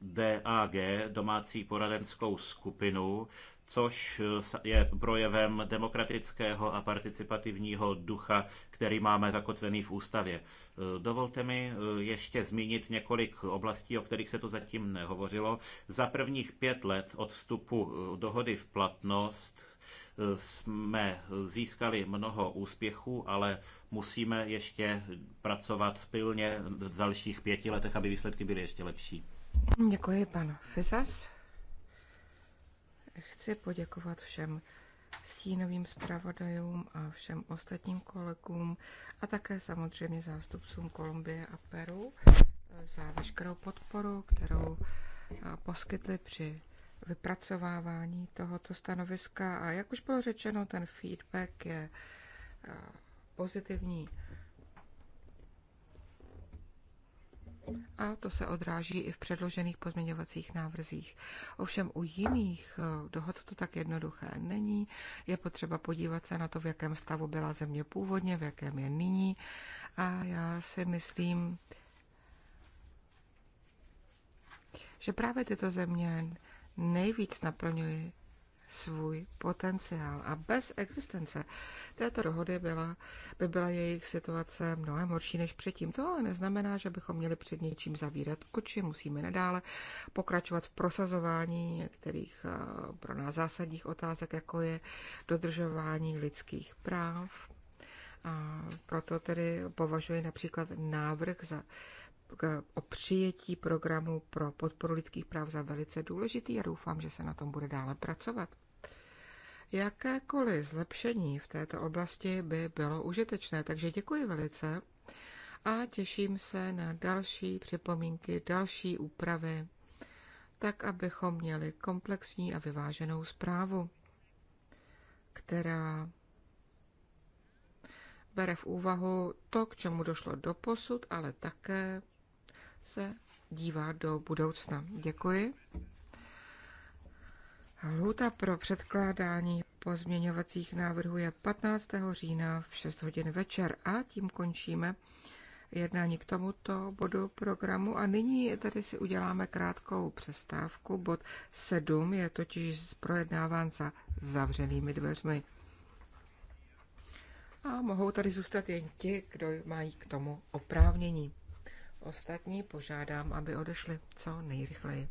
DAG, domácí poradenskou skupinu, což eh, je projevem demokratického a participativního ducha, který máme zakotvený v ústavě. Eh, dovolte mi eh, ještě zmínit několik oblastí, o kterých se to zatím nehovořilo. Za prvních pět let od vstupu dohody v platnost jsme získali mnoho úspěchů, ale musíme ještě pracovat v pilně v dalších pěti letech, aby výsledky byly ještě lepší. Děkuji, pan Fisas. Chci poděkovat všem stínovým zpravodajům a všem ostatním kolegům a také samozřejmě zástupcům Kolumbie a Peru za veškerou podporu, kterou eh, poskytli při vypracovávání tohoto stanoviska. A jak už bylo řečeno, ten feedback je eh, pozitivní a to se odráží i v předložených pozměňovacích návrzích. Ovšem u jiných eh, dohod to tak jednoduché není. Je potřeba podívat se na to, v jakém stavu byla země původně, v jakém je nyní. A já si myslím, že právě tyto země nejvíc naplňují svůj potenciál. A bez existence této dohody byla, by byla jejich situace mnohem horší než předtím. To ale neznamená, že bychom měli před něčím zavírat oči. Musíme nadále pokračovat v prosazování některých eh, pro nás zásadních otázek, jako je dodržování lidských práv. A proto tedy považuji například návrh za o přijetí programu pro podporu lidských práv za velice důležitý a doufám, že se na tom bude dále pracovat. Jakékoliv zlepšení v této oblasti by bylo užitečné, takže děkuji velice a těším se na další připomínky, další úpravy, tak abychom měli komplexní a vyváženou zprávu, která bere v úvahu to, k čemu došlo do posud, ale také se dívá do budoucna. Děkuji. Lhůta pro předkládání pozměňovacích návrhů je 15. října v 6 hodin večer a tím končíme jednání k tomuto bodu programu a nyní tady si uděláme krátkou přestávku. Bod 7 je totiž projednáván za zavřenými dveřmi. A mohou tady zůstat jen ti, kdo mají k tomu oprávnění. Ostatní požádám, aby odešli co nejrychleji.